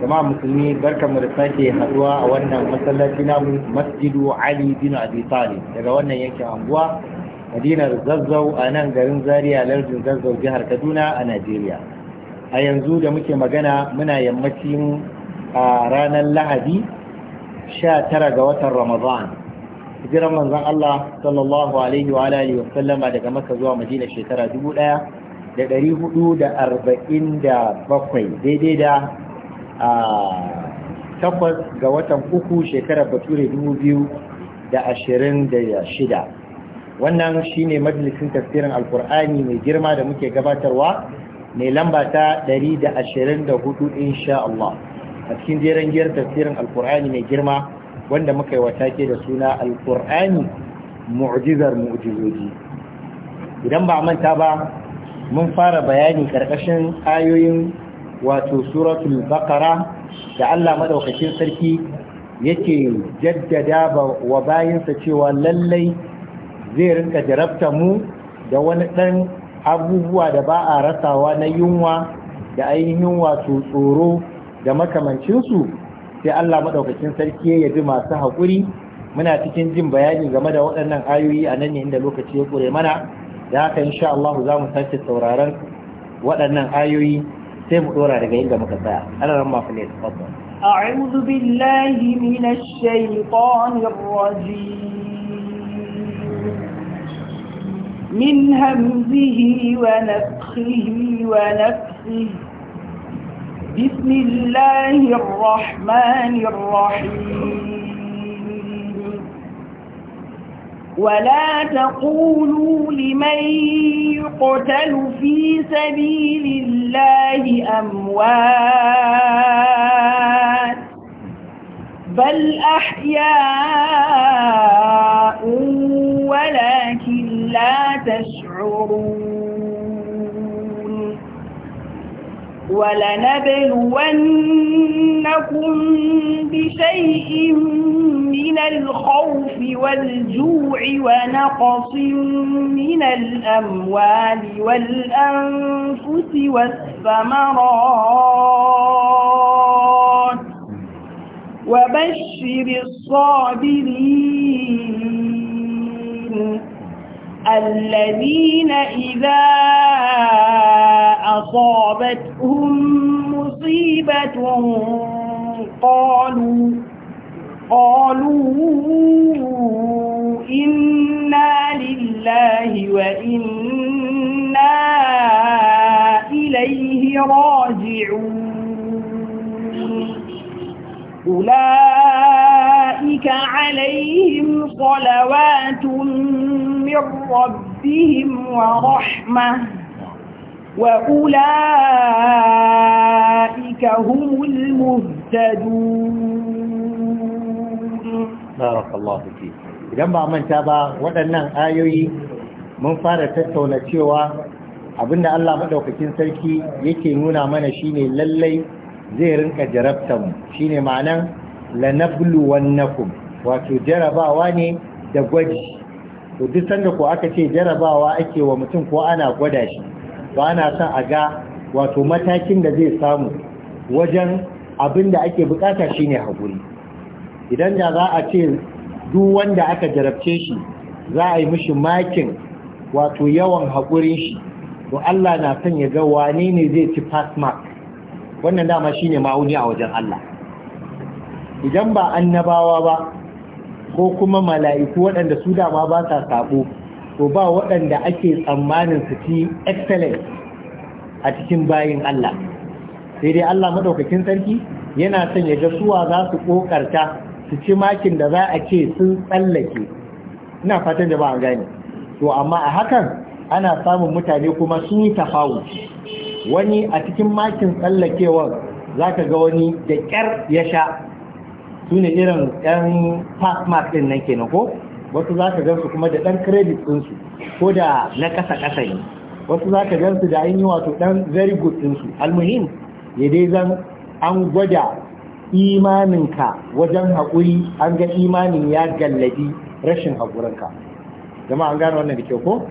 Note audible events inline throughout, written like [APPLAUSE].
jama'a musulmi barkanmu da sake haɗuwa a wannan masallaci namu masjidu ali bin abi talib daga wannan yankin anguwa madinar zazzau a nan garin zaria lardin zazzau jihar kaduna a najeriya a yanzu da muke magana muna yammacin a ranar lahadi 19 ga watan ramadan hijiran manzon allah sallallahu alaihi wa alihi wa sallama daga Makka zuwa madina shekara 1447 daidai da takwas ga watan uku shekarar bature dubu biyu da ashirin da shida wannan shine majalisin tafsirin alkur'ani mai girma da muke gabatarwa mai lamba ta ɗari da ashirin da hudu insha Allah a cikin jeren giyar tafsirin alkur'ani mai girma wanda muka yi wata ke da suna alkur'ani mu'jizar mu'jizoji idan ba manta ba mun fara bayani karkashin ayoyin wato suratul baqara da Allah madaukakin sarki yake jaddada wa bayansa cewa lallai zai rinka jarabta mu da wani ɗan abubuwa da ba a rasawa na yunwa da ainihin wato tsoro da makamancinsu sai Allah madaukakin sarki ya bi masu haƙuri muna cikin jin bayani game da waɗannan ayoyi a nan ne inda lokaci ya ƙure mana da haka insha Allah za mu sake sauraron waɗannan ayoyi سيم دورا أعوذ بالله من الشيطان الرجيم من همزه ونفخه ونفسه بسم الله الرحمن الرحيم ولا تقولوا لمن يقتل في سبيل الله أموات بل أحياء ولكن لا تشعرون ولنبلونكم بشيء من الخوف والجوع ونقص من الأموال والأنفس والثمرات وبشر الصابرين الذين إذا أصابتهم مصيبة قالوا قالوا إنا لله وإنا إليه راجعون أولئك عليهم صلوات من idan ba manta ba waɗannan ayoyi mun fara tattauna cewa abinda Allah maɗaukakin sarki yake nuna mana shine lallai zai rinka jarabtan shine ma'anan lanabluwannakum wato jarabawa ne da gwaji to duk sanda ko aka ce jarabawa ake wa mutum ko ana gwada shi ba ana son a ga wato matakin da zai samu wajen abin da ake bukata shine haƙuri idan da za a ce duk wanda aka jarabce shi za a yi mishi makin wato yawan haƙurin shi to Allah na son ya ga wane ne zai ci pass mark wannan dama shine ma'auni a wajen Allah idan ba annabawa ba ko kuma mala'iku waɗanda su dama ba sa sabo to ba waɗanda ake tsammanin su ci excellence a cikin bayin Allah sai dai Allah madaukakin sarki yana son ya ga suwa za su kokarta su ci makin da za a ce sun tsallake ina fatan da ba a gane to amma a hakan ana samun mutane kuma sun yi tafawu wani a cikin makin tsallakewar za ga wani da ƙyar ya sha su ne irin yan pass mark din nan kenan ko wasu za ka gansu kuma da ɗan credit ɗinsu ko da na ƙasa ƙasa ne wasu za ka gansu da an yi wato ɗan very good ɗinsu almuhim ya dai zan an gwada imaninka wajen haƙuri an ga imanin ya gallabi rashin haƙurinka zama an gano wannan da kyau ko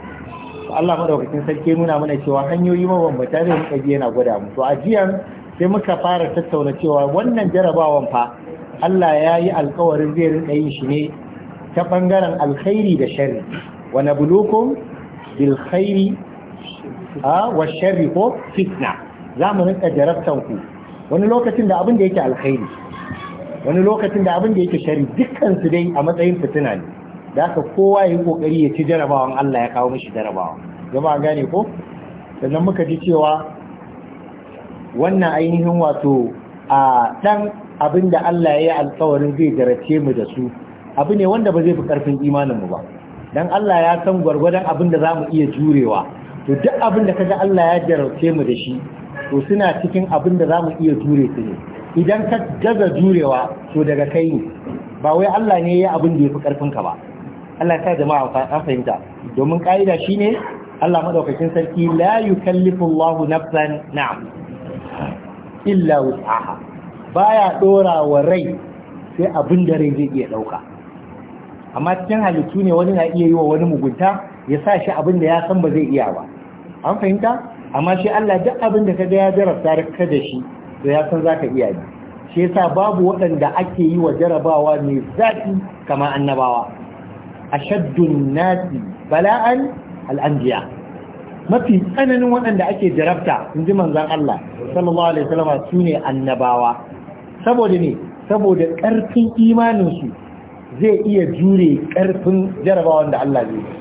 Allah maɗaukakin sarki nuna mana cewa hanyoyi mabambata da muka biya na gwada mu to a jiyan sai muka fara tattauna cewa wannan jarabawan fa Allah ya yi alkawarin zai rinka yin shi ne ta ɓangaren alkhairi da shari. wa nablukum bilkhairi, khairi wa shari ko fitna za mu rinka jarabtan ku wani lokacin da abin da yake alkhairi wani lokacin da abin da yake sharri dukkan su dai a matsayin fitina ne da aka kowa ya yi kokari ya ci jarabawan Allah ya kawo mishi jarabawa jama'a gane ko sannan muka ji cewa wannan ainihin wato a dan abin da Allah ya yi alkawarin zai garace mu da su abu ne wanda ba zai fi ƙarfin imaninmu ba don Allah ya san gwargwadon abin da za mu iya jurewa to duk abin da kaga Allah ya jarabce mu da shi to suna cikin abin da za mu iya jure su ne idan ka gaza jurewa to daga kai ne ba wai Allah ne ya yi abin da ya fi ƙarfin ka ba Allah ya sa jama'a a fahimta domin ka'ida shine Allah madaukakin sarki la yukallifullahu nafsan na'am illa wus'aha baya dora wa rai sai abin da rai zai iya dauka amma cikin halittu ne wani na iya yi wa wani mugunta ya sa shi abin da ya san ba zai iya ba an fahimta amma shi Allah duk abin da kaga ya jarabta ka da shi to ya san zaka iya ne shi yasa babu waɗanda ake yi wa jarabawa mai zafi kama annabawa ashaddun nasi bala'an al'anbiya mafi tsananin waɗanda ake jarabta in ji manzon Allah sallallahu alaihi wasallam sune annabawa saboda ne saboda ƙarfin imaninsu zai iya jure ƙarfin jarabawan da Allah zai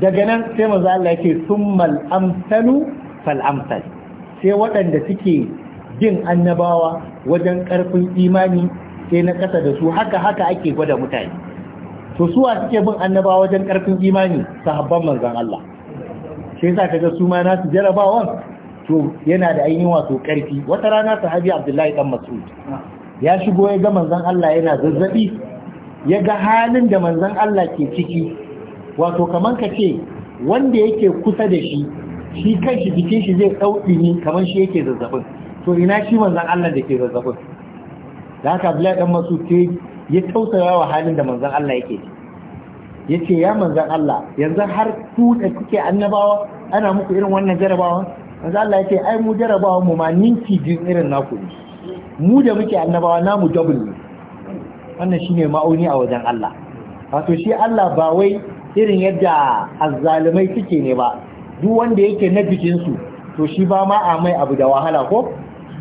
daga nan sai maza Allah yake summal amsalu fal sai waɗanda suke jin annabawa wajen ƙarfin imani sai na ƙasa da su haka haka ake gwada mutane to suwa suke bin annabawa wajen ƙarfin imani sahabban manzon Allah sai ka kaga su ma nasu jarabawan to yana da ainihin wato karfi wata rana sahabi abdullahi dan mas'ud ya shigo ya ga manzon Allah yana zazzabi ya ga halin da manzon Allah ke ciki wato kaman ka ce wanda yake kusa da shi shi kanshi jikin shi zai dauki ni kaman shi yake zazzabin to ina shi manzon Allah da ke zazzabin da haka abdullahi dan mas'ud ya tausaya wa halin da manzon Allah yake ciki ya ce ya manzan Allah yanzu har ku kuke annabawa ana muku irin wannan jarabawa manzo Allah ya ce ai mu jarrabawar mu ma ninki jin irin naku ne mu da muke annabawa namu double ne wannan shine ma'auni a wajen Allah wato shi Allah ba wai irin yadda azzalumai suke ne ba duk wanda yake na jikinsu to shi ba ma a mai abu da wahala ko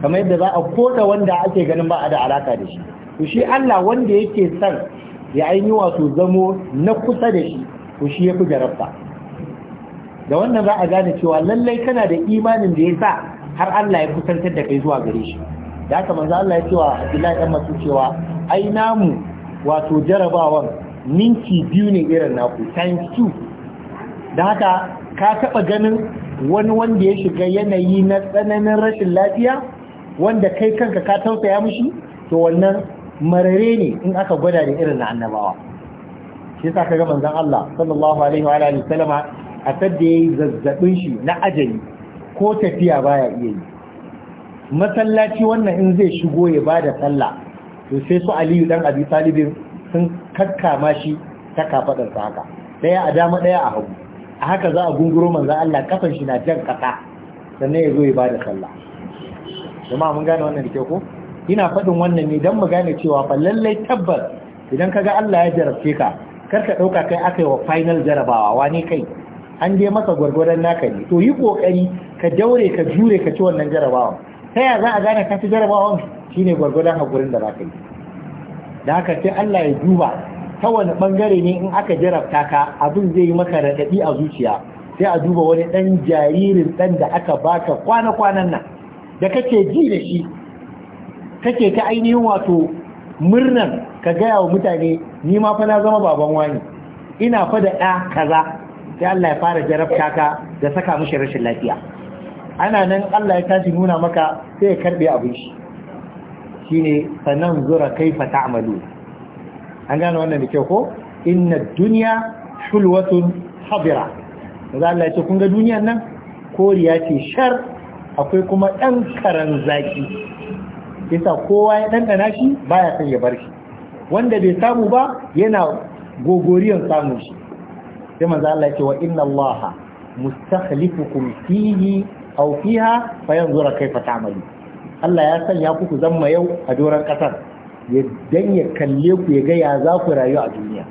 kamar yadda za a koda wanda ake ganin ba a da alaka da shi to shi Allah wanda yake san ya ainihi wato zamo na kusa da shi to shi ya fi jarabta da wannan za a gane cewa lallai kana da imanin da ya sa har Allah ya kusantar da kai zuwa gare shi da haka manzo Allah ya cewa Abdullahi dan masu cewa ai namu wato jarabawan ninki biyu ne irin naku times two da haka ka taba ganin wani wanda ya shiga yanayi na tsananin rashin lafiya wanda kai kanka ka tausaya mishi to wannan marare ne in aka gwada da irin na annabawa shi yasa kaga manzon Allah sallallahu alaihi wa alihi sallama a sadda ya yi zazzabin shi na ajali ko tafiya baya iya yi masallaci wannan in zai shigo ya ba da sallah to sai su aliyu dan abi talibin sun kakkama shi ta kafadarsa haka daya a dama ɗaya a hagu a haka za a gunguro manzan Allah kafan shi na jan kasa sannan ya zo ya ba da sallah kuma mun gane wannan da ke ko ina faɗin wannan ne don mu gane cewa fa lallai tabbas idan kaga Allah ya jarabce ka kar ka ɗauka kai aka yi wa final jarabawa wani kai an je maka gwargwadon naka ne to yi kokari ka daure ka jure ka ci wannan jarabawan ta ya za a gane ka ci jarabawan shine gwargwadon hakurin da zaka yi da haka sai Allah ya duba ta wani bangare ne in aka jarabta ka abin zai yi maka radadi a zuciya sai a duba wani ɗan jaririn ɗan da aka baka kwana-kwanan nan da kake ji da shi kake ta ainihin wato murnan ka gaya wa mutane ni ma fa na zama baban wani ina fa da ɗa kaza sai Allah ya fara jarabta ka da saka mushi rashin lafiya ana nan Allah ya tashi nuna maka sai ya karbe abin shi shine sanan zura kaifa ta'malu an gane wannan da kyau ko inna dunya hulwatun habira yanzu Allah ya ce kun ga duniyar nan koriya ce shar akwai kuma dan karan zaki yasa kowa ya ɗanɗana shi baya son ya bar shi wanda bai samu ba yana gogoriyan samun shi sai manzo Allah ce wa inna Allah mustakhlifukum fihi aw fiha fayanzura kaifa ta'malu Allah ya sanya ku ku zama yau a doran kasar ya danya ya kalle ku ya ga ya za ku rayu a duniya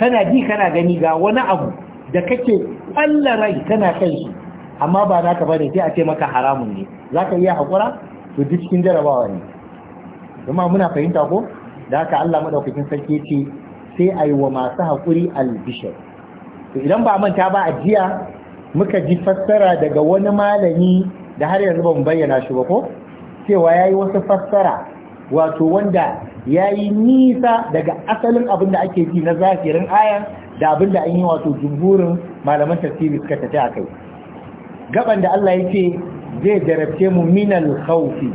kana ji kana gani ga wani abu da kake Allah rai kana kai shi amma ba naka bane sai a ce maka haramun ne zaka iya hakura to duk cikin jarabawa ne kuma muna fahimta ko da haka Allah madaukakin sarki ce sai ayi wa masu hakuri albishir to idan ba manta ba a jiya muka ji fassara daga wani malami da har yanzu ba mu bayyana shi ba ko cewa yayi yi wasu fassara wato wanda ya nisa daga asalin abin da ake ji na zahirin aya, da abin da an yi wato jumhurin malaman tafsiri suka tafi a kai gaban da Allah yake zai jarabce mu minal khawfi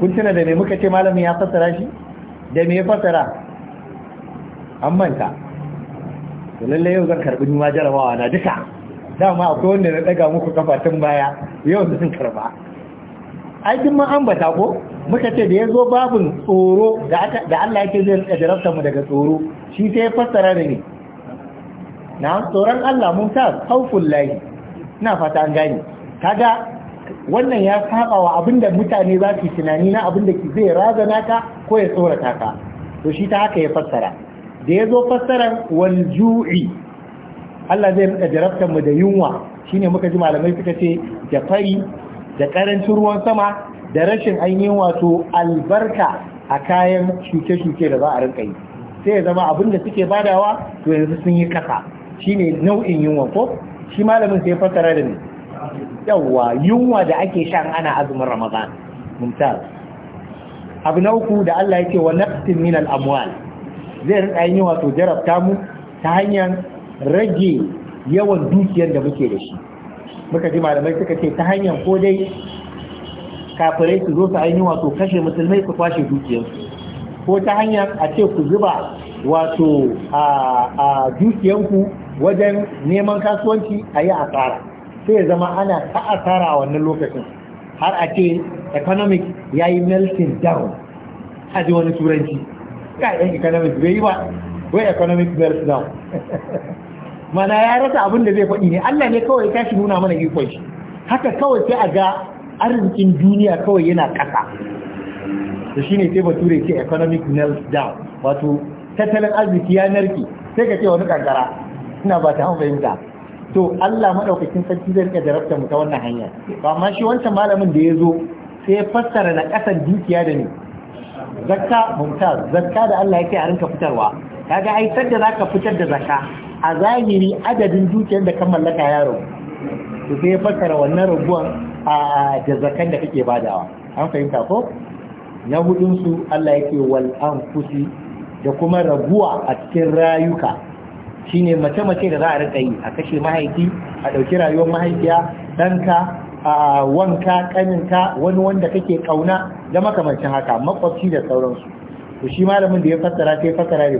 kun tuna da me muka ce malamin ya fassara shi da me ya fassara an manta to lalle yau zan karbi ni ma jarabawa na duka dama akwai wanda na daga muku kafatun baya yau sun karba aikin ma ambata ko muka ce da yazo zo babin tsoro da Allah yake zai jarabta mu daga tsoro shi sai ya fassara da ni na tsoron Allah mun ta haufun layi ina fata an gane kaga wannan ya saba wa abinda mutane za su tunani na abinda zai razana ka ko ya tsorata ka to shi ta haka ya fassara da ya zo fassaran walju'i Allah zai rika jarabtar mu da yunwa shine muka ji malamai suka ce da fari da karancin ruwan sama da rashin ainihin wato albarka a kayan shuke-shuke da za a rinka yi sai ya zama abin da suke badawa to yanzu sun yi kasa shine nau'in yunwa ko shi malamin sai fassara da ni yawa yunwa da ake shan ana azumin ramadan mumtaz abu na uku da Allah yake wa nafsin min al-amwal zai rinka yin wato jarabta mu ta hanyar rage yawan dukiyar da muke da shi muka ji malamai suka ce ta hanyar ko dai kafirai su zo su ainihin wato kashe musulmai su kwashe dukiyarsu ko ta hanyar a ce ku zuba wato a ku wajen neman kasuwanci a yi asara sai zama ana ta asara a wannan lokacin har a ce economic ya yi melting down a ji wani turanci kayan economics bai yi ba wai economics bells down [LAUGHS] mana ya rasa abin da zai faɗi ne Allah ne kawai ya shi nuna mana ikon shi haka kawai sai a ga arzikin duniya kawai yana ƙasa da shi ne sai bature ce economic nails down wato tattalin arziki ya narki sai ka ce wani kankara ina ba ta hau fahimta to Allah maɗaukakin sarki zai rika jarabta mu ta wannan hanya ba ma shi wancan malamin da ya zo sai ya fassara na ƙasan dukiya da ni zakka mumtaz zakka da Allah yake a rinka fitarwa kaga ai sanda zaka fitar da zakka a zahiri adadin dukiyar da ka mallaka yaro to sai ya fassara wannan rabuwan a da zakkan da kake badawa an fahimta ko na hudun su Allah yake wal kusi da kuma rabuwa a cikin rayuka shine mace mace da za a rika yi a kashe mahaifi a dauki rayuwar mahaifiya danka wanka kaninka wani wanda kake kauna da makamancin haka makwabci da sauransu to shi malamin da ya fassara sai fassara ne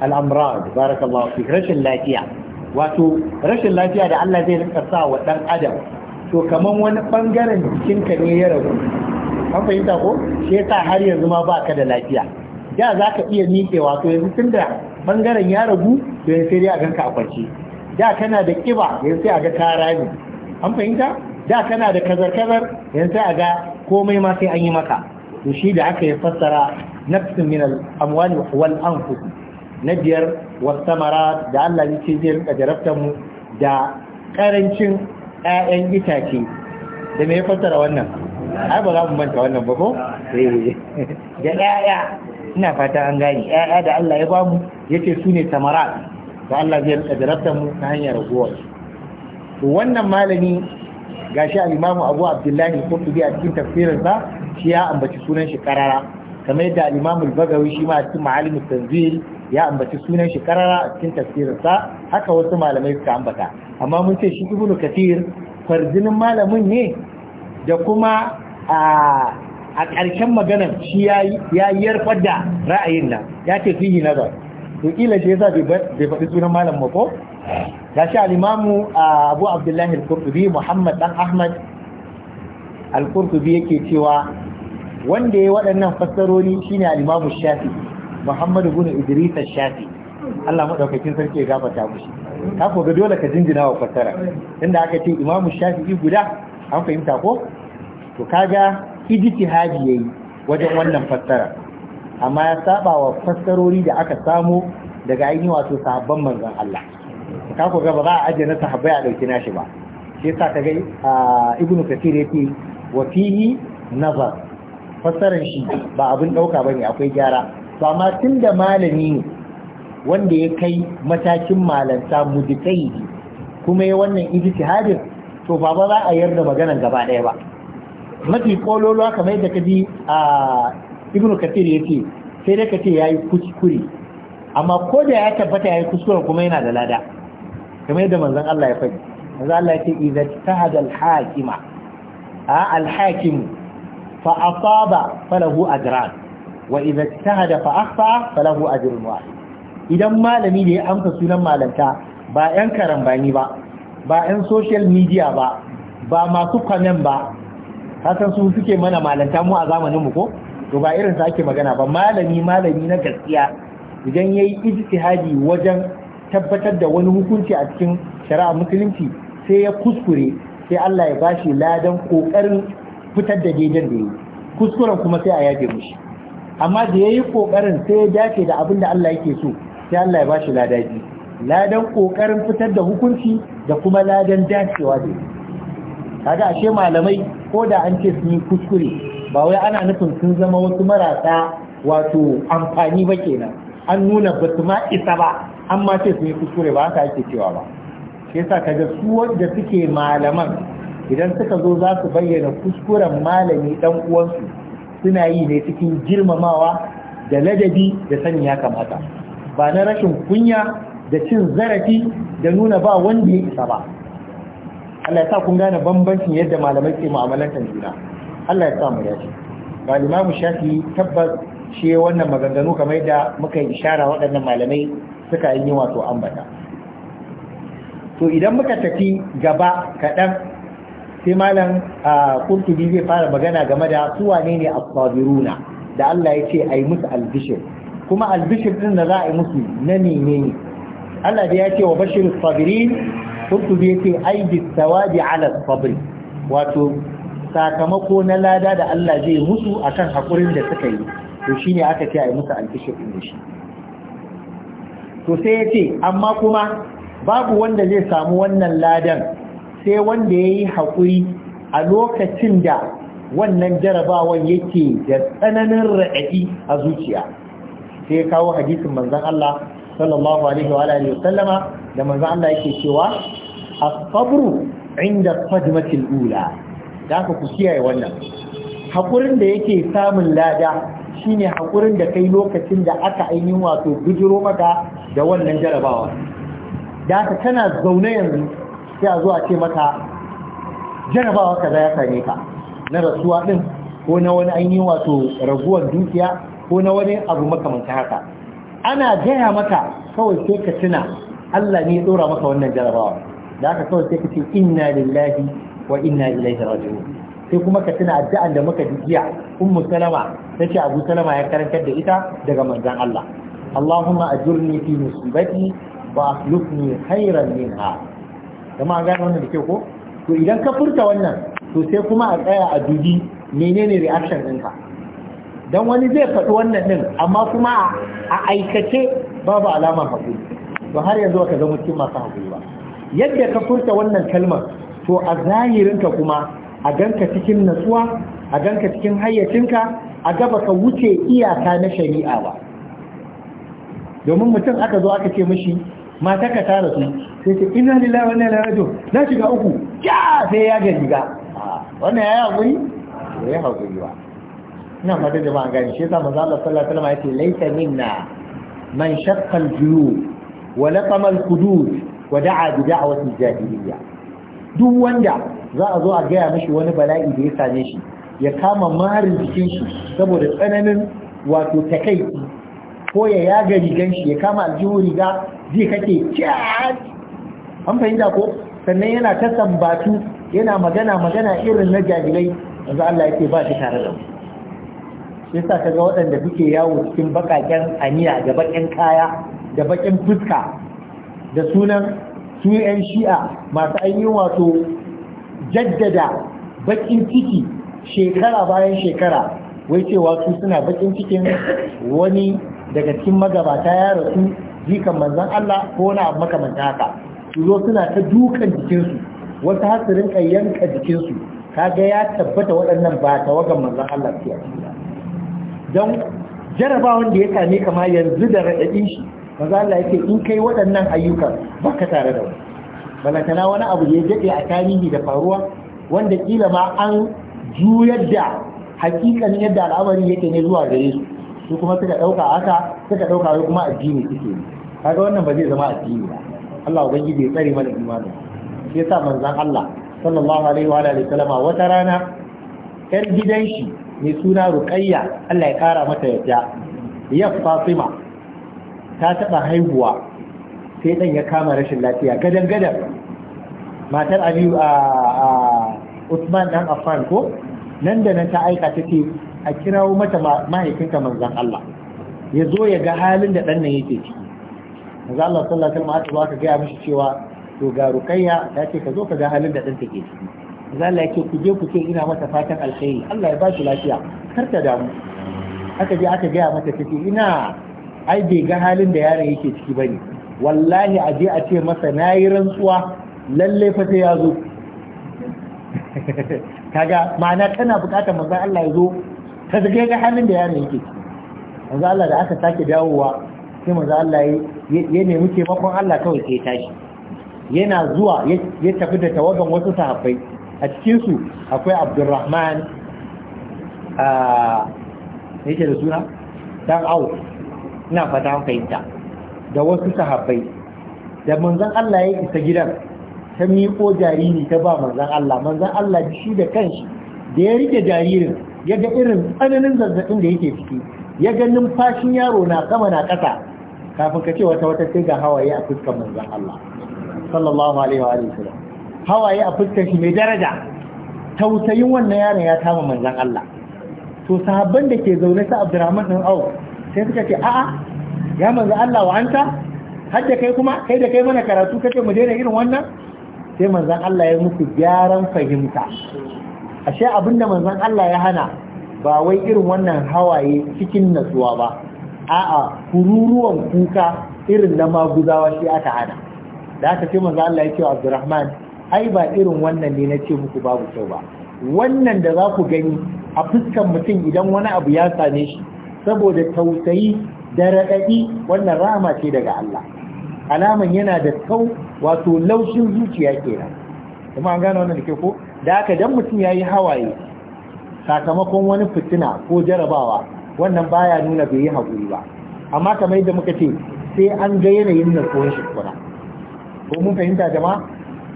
al'amrad barakallahu fi rashin lafiya wato rashin lafiya da Allah zai rinka sa wa dan adam to kaman wani bangaren jikinka ne ya rabu an fahimta ko Sai sa har yanzu ma baka da lafiya da za ka iya miƙewa to yanzu tun da bangaren ya ragu to yanzu sai dai a ganka a kwance da kana da kiba yanzu sai a ga ka rami an fahimta da kana da kazar-kazar yanzu a ga komai ma sai an yi maka to shi da aka yi fassara nafsin min al-amwal wal anfu na biyar wasamara da Allah ya ce zai rika jarabtar mu da karancin ƴaƴan itace da me ya fassara wannan ai ba za mu manta wannan ba ko eh, da ƴaƴa ina fata an gani ƴaƴa da Allah ya bamu yace su ne samara da Allah zai rika jarabtar mu ta hanyar ruwa wannan malami gashi al-imamu abu abdullahi qurtubi a cikin tafsirinsa shi ya ambaci sunan shi karara kamar yadda al-imamu bagawi shi ma a cikin ma'alimu tanzil ya ambaci sunan shi karara a cikin tafsirinsa haka wasu malamai suka ambata amma mun ce shi ibnu kathir farzinin malamin ne da kuma a ƙarshen maganar shi ya yarfar da ra'ayin nan ya ce fiye nazar to kila shi yasa bai faɗi sunan malam ko? gashi al'imamu Abu Abdullahi al-Qurtubi Muhammad dan Ahmad al-Qurtubi yake cewa wanda ya waɗannan fassarori shine al'imamu Shafi Muhammad ibn Idris shafi Allah madaukakin sarki ya gafarta mushi ka ko ga dole ka jinjina wa fassara inda aka ce imamu Shafi'i guda an fahimta ko to kaga ya yayi wajen wannan fassara amma ya saba wa fassarori da aka samu daga ainihin wato sahabban manzon Allah ka ku ga ba a ajiye na sahabbai a dauki nashi ba shi yasa ka ga ibnu kasir yake wa fihi nazar fassarar shi ba abin dauka bane akwai gyara to amma tunda malami ne wanda ya kai matakin malanta mudikai kuma ya wannan ijtihadin to ba ba za a yarda maganan gaba ɗaya ba mafi kololuwa kamar yadda ka ji a ibnu ya yake sai dai ka ce yayi kuskure amma ko da ya tabbata yayi kuskuren kuma yana da lada kamar yadda manzon Allah ya faɗi manzon Allah ya ce idza tahada al-hakima a al-hakim fa asaba falahu ajran wa idza tahada fa akhfa falahu ajrun wahid idan malami da ya amsa sunan malanta ba yan karambani ba ba yan social media ba ba masu kwamen ba kasan su suke mana malanta mu a zamanin mu ko to ba irin sa ake magana ba malami malami na gaskiya idan yayi ijtihadi wajen tabbatar da wani hukunci a cikin shari'a musulunci sai ya kuskure sai Allah ya bashi ladan kokarin fitar da daidan da yi kuskuren kuma sai a yafe mushi amma da yayi kokarin sai ya dace da abin da Allah yake so sai Allah ya bashi ladaji ladan kokarin fitar da hukunci da kuma ladan dacewa da kaga ashe malamai ko da an ce sun kuskure ba wai ana nufin sun zama wasu marasa wato amfani ba kenan an nuna ba su ma isa ba an ma ce sun yi kuskure ba haka ake cewa ba shi yasa kaga su wanda suke malaman idan suka zo za su bayyana kuskuren malami dan uwansu suna yi ne cikin girmamawa da ladabi da sani ya kamata ba na rashin kunya da cin zarafi da nuna ba wanda ya isa ba Allah ya sa kun gane bambancin yadda malamai ke mu'amalantar juna Allah ya sa mu dace ga shafi tabbas shi wannan maganganu kamar da muka yi ishara waɗannan malamai suka yi wato ambata to idan muka tafi gaba kaɗan sai malam kurtubi zai fara magana game da su wane ne asabiruna da Allah ya ce a yi musu albishir kuma albishir din da za a yi musu na menene Allah da ya ce wa bashir sabirin kurtubi ya ce ai bi sawabi ala sabr wato sakamako na lada da Allah zai musu akan hakurin da suka yi to shine aka ce a yi musu albishir din shi to sai ya ce amma kuma babu wanda zai samu wannan ladan sai wanda ya yi haƙuri a lokacin da wannan jarabawan yake da tsananin raɗaɗi a zuciya sai kawo hadisin manzan Allah sallallahu alaihi wa alihi da manzan Allah yake cewa as-sabru inda fadmatil ula da ka ku kiyaye wannan haƙurin da yake samun lada shine haƙurin da kai lokacin da aka ainihin wato bijiro maka da wannan jarabawa da aka tana zaune yanzu sai a zuwa ce mata jarabawa kaza ya same ka na rasuwa din ko na wani ainihin wato raguwar dukiya ko na wani abu makamanta haka ana gaya mata kawai sai ka tuna Allah ne ya dora maka wannan jarabawa da aka kawai sai ka ce inna lillahi wa inna ilaihi raji'un sai kuma ka tuna addu'an da muka ji jiya ummu salama tace abu salama ya karantar da ita daga manzon Allah اللهم اجرني في مصيبتي واخلفني خيرا منها كما قال ga wannan da ke ko to idan ka furta wannan to sai kuma a tsaya a dubi menene reaction ɗinka don wani zai faɗi wannan ɗin amma kuma a aikace babu alama haƙuri to har yanzu ka zama cikin masu haƙuri ba yadda ka furta wannan kalmar to a zahirinka kuma a ganka cikin natsuwa a ganka cikin hayyacinka a gaba ka wuce iyaka na shari'a ba domin mutum aka zo aka ce mashi mata ka tara su sai ce ina lillahi wannan larajo na shiga uku ya sai ya ga riga wannan ya yi haƙuri Ya ya haƙuri ba ina fata a gani shi yasa manzo Allah sallallahu alaihi wasallam yace laita minna man shakkal al wa laqama al wa da'a bi da'wati jahiliyya duk wanda za a zo a gaya mashi wani bala'i da ya same shi ya kama marin jikin shi saboda tsananin wato takaici Koya ya yaga rigan shi ya kama aljihu riga zai kake chat an fahimta ko sannan yana ta sambatu yana magana magana irin na jajirai. yanzu Allah yake ba shi tare da mu shi yasa kaga waɗanda suke yawo cikin bakaken aniya da bakin kaya da bakin fuska da sunan su shi'a masu ainihin wato jaddada bakin ciki shekara bayan shekara wai cewa su suna bakin cikin wani daga cikin magabata ya rasu jikan manzan Allah ko wani abu makamanta haka su zo suna ta dukan jikinsu wasu har su rinka yanka jikinsu kaga ya tabbata waɗannan ba tawagan manzon Allah su yi don jarabawan da ya same kama yanzu da raɗaɗin shi manzan Allah yake in kai waɗannan ayyukan ba ka tare da wani balantana wani abu ya daɗe a tarihi da faruwa wanda kila ma an juyar da hakikanin yadda al'amari yake ne zuwa gare su su kuma suka ɗauka haka suka ɗauka wai kuma addini suke yi kaga wannan ba zai zama addini ba Allah ubangiji ya tsare mana imanin shi yasa manzon Allah sallallahu alaihi wa alihi sallama wata rana yar gidan shi mai suna Ruqayya Allah ya kara mata yadda ya Fatima ta taɓa haihuwa sai ɗan ya kama rashin lafiya gadan gadan matar Aliyu a Usman dan Affan ko nan da nan ta aika ta ce a kirawo mata mahaifinta manzan Allah ya zo ya ga halin da ɗan nan yake ciki Maza Allah sallallahu alaihi wasallam aka gaya mishi cewa to ga rukayya ta ce ka zo ka ga halin da ɗan take ciki Maza Allah yake ku je ku ce ina mata fatan alkhairi Allah ya ba shi lafiya kar ta damu aka je aka gaya mata ta ce ina ai bai ga halin da yaron yake ciki bane wallahi a je a ce masa nayi rantsuwa lalle fa sai ya zo [LAUGHS] kaga ma'ana tana bukatar manzan Allah ya zo ta zage ga halin da yaron yake manzan Allah da aka sake dawowa sai manzan Allah ya nemi taimakon Allah kawai sai tashi yana zuwa ya tafi da tawagan wasu sahabbai a cikin su akwai Abdurrahman a yake da suna dan au ina fata fahimta da wasu sahabbai da manzan Allah ya isa gidan ta miƙo jariri ta ba manzan Allah manzan Allah shi da kanshi da ya rike jaririn ya ga irin tsananin zazzabin da yake ciki ya ga numfashin yaro na sama na ƙasa kafin ka ce wata wata sai ga hawaye a fuskar manzan Allah sallallahu alaihi wa wasallam hawaye a fuskar shi mai daraja tausayin wannan yaron ya kama manzan Allah to sahabban da ke zaune sa Abdurrahman din au sai suka ce a'a ya manzan Allah wa anta hadda kai kuma kai da kai mana karatu kace mu daina irin wannan sai manzan Allah ya musu gyaran fahimta ashe abinda manzan Allah ya hana ba wai irin wannan hawaye cikin natsuwa ba a'a kururuwan kuka irin na maguzawa shi aka hana da aka ce manzan Allah ya ce Abdurrahman ai ba irin wannan ne na ce muku babu kyau ba wannan da za ku gani a fuskan mutum idan wani abu ya same shi saboda tausayi da raɗaɗi wannan rahama ce daga Allah alaman yana da kau wato laushin zuciya kenan kuma an gane wannan da ke ko da haka dan mutum yayi hawaye sakamakon wani fitina ko jarabawa wannan baya nuna bai yi haƙuri ba amma kamar yadda muka ce sai an ga yanayin na tsohon shukura. ko mun fahimta jama'a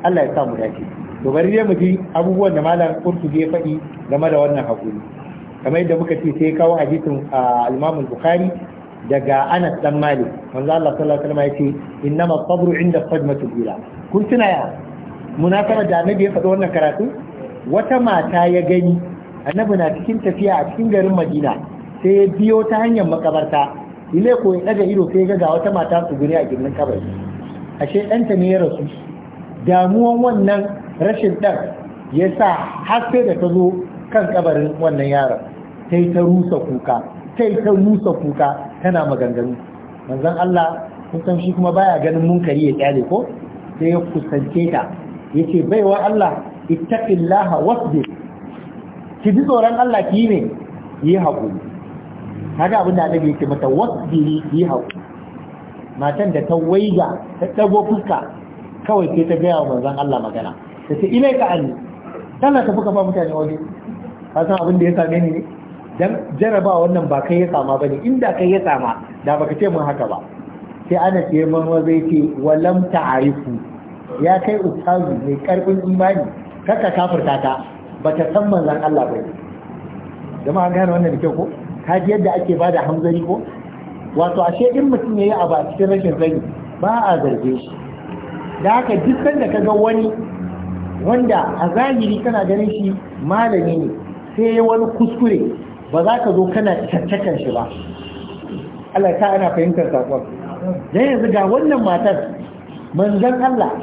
Allah ya sa mu dace to bari dai mu ji abubuwan da malam kurtu ya faɗi game da wannan haƙuri kamar yadda muka ce sai kawo hadisin ah, al-Imam Bukhari daga Anas dan mali wanda Allah sallallahu alaihi wasallam yace innama sabru inda sajmatul ila kun tuna ya munasaba da annabi ya faɗi wannan karatu wata mata ya gani annabi na cikin tafiya a cikin garin Madina sai ya biyo ta hanyar makabarta ile ko ya daga ido sai ga wata mata tsuguni a gidan kabari ashe ɗanta ne ya rasu damuwan wannan rashin ɗan ya sa har sai da ta zo kan kabarin wannan yaron sai ta rusa kuka kai ta nusa kuka tana maganganu manzon Allah kun san shi kuma baya ganin munkari ya kyale ko sai ya kusance ta yace baiwa Allah ittaqillaha wasbir ki ji tsoron Allah ki ne yi haƙuri kaga abin da annabi yake mata wasbiri yi haƙuri matan da ta waiga ta dago fuska kawai sai ta gaya wa manzon Allah magana ta ce ilaika anni tana tafi ba mutane waje ka san abin da ya same ni ne dan jaraba wannan ba kai ya sama bane inda kai ya sama da baka ce mun haka ba sai ana ce mun zai ce walam ta'arifu ya kai ustazu mai karfin imani kaka kafirta ta bata san manzon Allah ba jama'a gane wannan kyau ko ka ji yadda ake bada hamzari ko wato ashe in mutum yayi abu a cikin rashin sani ba a zarge shi da haka duk sanda ga wani wanda a zahiri kana ganin shi malami ne sai wani kuskure ba za ka zo kana cancakan shi ba Allah ta ana fahimtar sakon dan yanzu ga wannan matar manzon Allah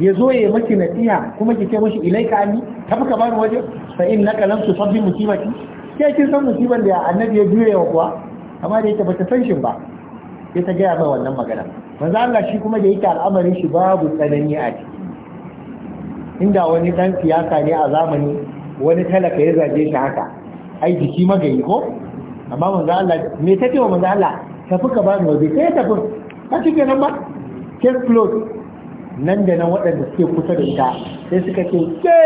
ya zo ya maki nasiha kuma ki ce mashi ilaika anni ka fi ka bani waje fa in naka lam tusabbi musibati ke kin san musibar da annabi ya jure wa kuwa amma da yake bata san shi ba sai ta gaya mai wannan magana manzo Allah shi kuma da yake al'amarin shi babu tsanani a ciki inda wani dan siyasa ne a zamani wani talaka ya zage shi haka ai jiki magayi ko amma manzo Allah me take wa manzo Allah tafi ka bani waje sai tafi ka kike nan ba Ke float nan da nan waɗanda suke kusa da ita sai suka ce ke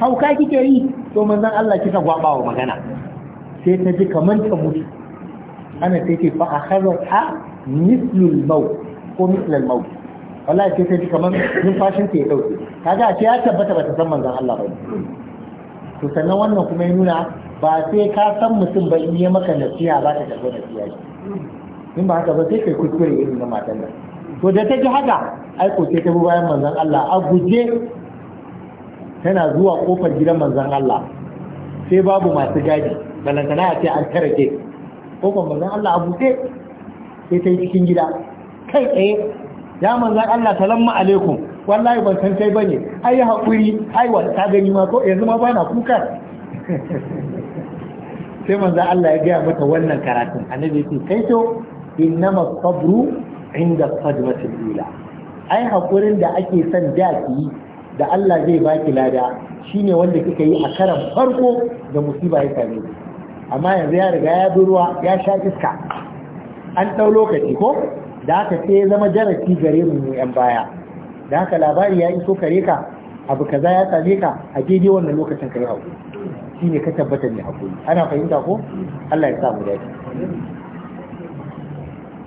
hauka kike yi to manzo Allah kika gwaba wa magana sai ta ji kamar ta mutu ana sai ke fa akhadha mislul maut ko mislul maut wallahi sai ta ji kamar numfashin ta ya dauke kaga a ce ya tabbata ba ta san manzo Allah ba to sannan wannan kuma ya nuna ba sai ka san mutum ba in yi maka nasiha ba ta tafi nasiha in ba haka ba sai kai kuskure irin na matan nan to da ta ji haka ai ko sai ta bi bayan manzon Allah a guje tana zuwa kofar gidan manzon Allah sai babu masu gadi balantana a ce an tarake. kofar manzon Allah a buɗe sai ta yi cikin gida kai tsaye ya manzan Allah salamu alaikum wallahi ban san kai bane ai hakuri ai wa ta gani ma ko yanzu ma bana kuka [LAUGHS] sai manzan Allah ya gaya mata wannan karatun annabi ce kai to innama sabru inda sadmati ula ai hakurin da ake san da ki da Allah zai baki lada shine wanda kika yi a karan farko da musiba ya same amma yanzu ya riga ya bi ruwa ya sha iska an ɗau lokaci ko da aka ce ya zama darasi gare mu yan baya da aka labari ya iso kare ka abu kaza ya same ka a daidai wannan lokacin kai hakuri ne ka tabbatar ne hakuri ana fahimta ko Allah ya sa mu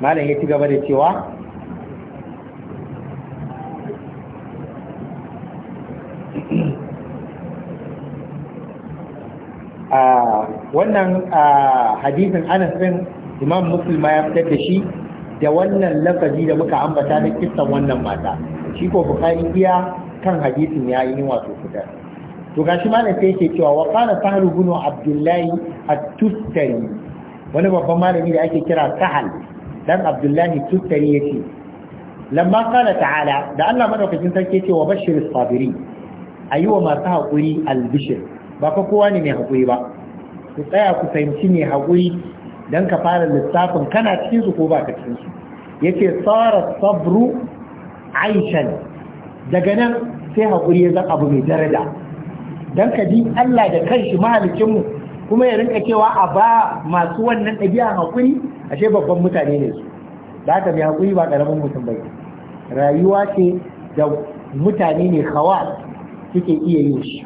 malam ya ci gaba da cewa wannan hadisin anas din imam Musulma ya fitar da shi da wannan lafazi da muka ambata na kissan wannan mata shi ko bukari iya kan hadisin ya yi wato fitar to gashi malam sai yake cewa wa qala sahlu bin abdullahi at-tustari wani babban malami da ake kira sahal dan abdullahi tustari yace lamma qala ta'ala da Allah madaukakin sarki yace wa bashir as-sabiri wa masu hakuri albishir ba fa kowa ne mai hakuri ba ku tsaya ku fahimci ne hakuri don ka fara lissafin kana cikin su ko ba ka cikin su yace tsara sabru aishan daga nan sai hakuri ya zan abu mai daraja Dan ka ji Allah da kanshi mahalicinmu kuma ya rinka cewa a ba masu wannan ɗabi'a hakuri ashe babban mutane ne su da ka mai hakuri ba ƙaramin mutum bai rayuwa ce da mutane ne hawa suke iya yin shi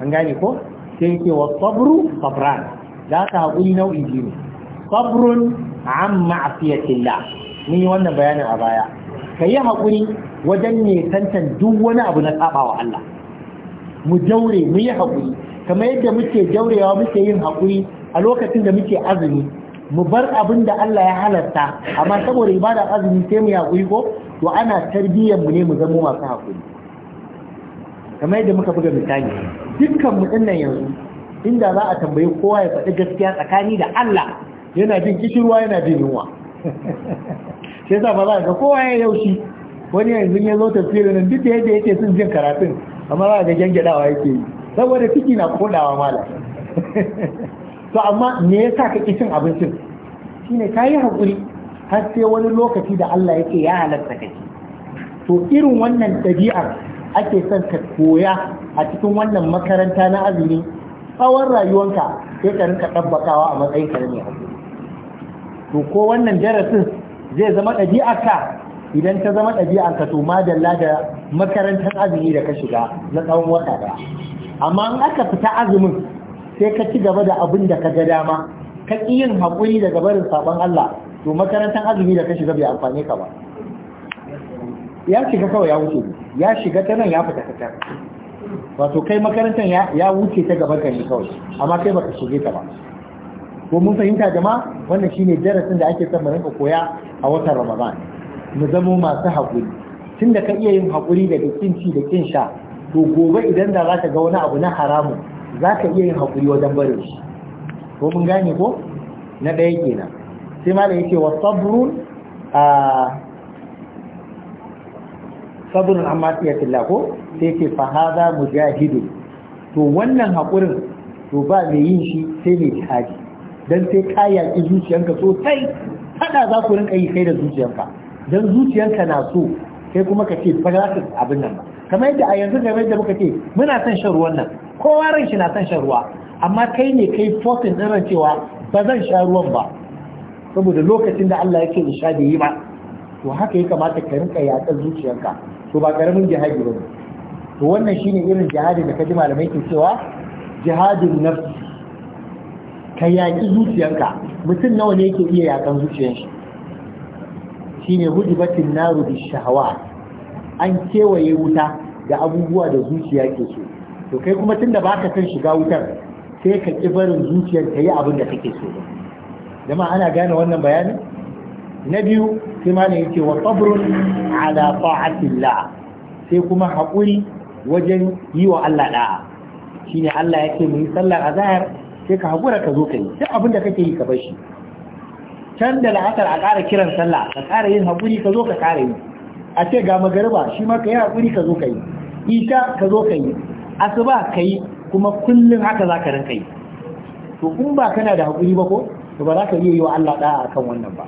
an gane ko sai yake wa sabru sabran da ka hakuri nau'i biyu sabrun an Illa, mun yi wannan bayanin a baya ka yi haƙuri wajen ne tantan duk wani abu na saba wa Allah mu jaure mu yi haƙuri kamar yadda muke jaurewa muke yin haƙuri a lokacin da muke azumi mu bar abin da Allah ya halarta amma saboda ibada azumi sai mu haƙuri ko to ana tarbiyyar mu ne mu zama masu haƙuri kamar yadda muka buga misali dukkan mu dinnan yanzu inda za a tambayi kowa ya faɗi gaskiya tsakani da Allah yana jin kishirwa yana jin yunwa sai sa ba za ga kowa ya yaushi wani yanzu ya zo tafsirin nan duk da yadda yake sun jin karatun amma za ga gyadawa yake yi saboda ciki na kodawa mala to amma me yasa ka ki cin abincin shine ka yi haƙuri har sai wani lokaci da Allah yake ya halatta ka to irin wannan ɗabi'ar ake son ka koya a cikin wannan makaranta na azumi tsawon rayuwanka sai ka rinka ɗabbakawa a matsayin ka ne to ko wannan darasin zai zama ka idan ta zama ka to madalla da makarantar azumi da ka shiga na tsawon wata ɗaya amma in aka fita azumin sai ka ci gaba da abin da ka ga dama ka ƙi yin haƙuri daga barin sabon Allah to makarantar azumi da ka shiga bai amfani ka ba ya shiga kawai ya wuce ya shiga ta nan ya fita fitar wato kai makarantar ya wuce ta gaban ka ne kawai amma kai baka shige ta ba ko mun fahimta jama'a wannan shine darasin da ake son mu rinka koya a watan Ramadan mu zamo masu haƙuri tunda ka iya yin hakuri daga kin ci da kin sha to gobe idan da zaka ga wani abu na haramu zaka iya yin hakuri wajen bare shi ko mun gane ko na ɗaya kenan sai ma da yake wa sabrun a sabrun amma tiyatillah ko sai yake fa hadha mujahidun to wannan haƙurin to ba mai yin shi sai mai jihadi dan sai ka yaƙi zuciyanka sosai fada za ku rinka yi kai da zuciyanka dan zuciyanka na so sai kuma ka ce ba za ka abin nan ba kamar yadda a yanzu game da muka ce muna son shan ruwan nan kowa ran shi na son shan ruwa amma kai ne kai fokin din ran cewa ba zan sha ruwan ba saboda lokacin da Allah ce in sha bai yi ba to haka ya kamata ka rinka yaƙar zuciyanka to ba ƙaramin jihadi ba to wannan shine irin jihadin da ji malamai ke cewa jihadin nafsi ka yaƙi zuciyarka mutum nawa ne yake iya yaƙan zuciyar shi shine hujibatin naru bi shahawa an kewaye wuta da abubuwa da zuciya ke so to kai kuma tunda baka san shiga wutar sai ka ƙi barin zuciyar ta yi abin da kake so jama'a ana gane wannan bayanin na biyu sai malam yace wa sabrun ala ta'atillah sai kuma haƙuri wajen yi wa Allah da'a shine Allah yake mu yi sallar azhar sai ka haƙura ka zo ka yi duk abinda da kake yi ka bar shi can da la'asar a ƙara kiran sallah ka ƙara yin haƙuri ka zo ka ƙara yi a ce ga magariba shi ma ka yi haƙuri ka zo ka yi isha ka zo ka yi asuba ka yi kuma kullum haka za ka rinka yi to in ba kana da haƙuri ba ko to ba za ka iya yi wa Allah ɗaya akan wannan ba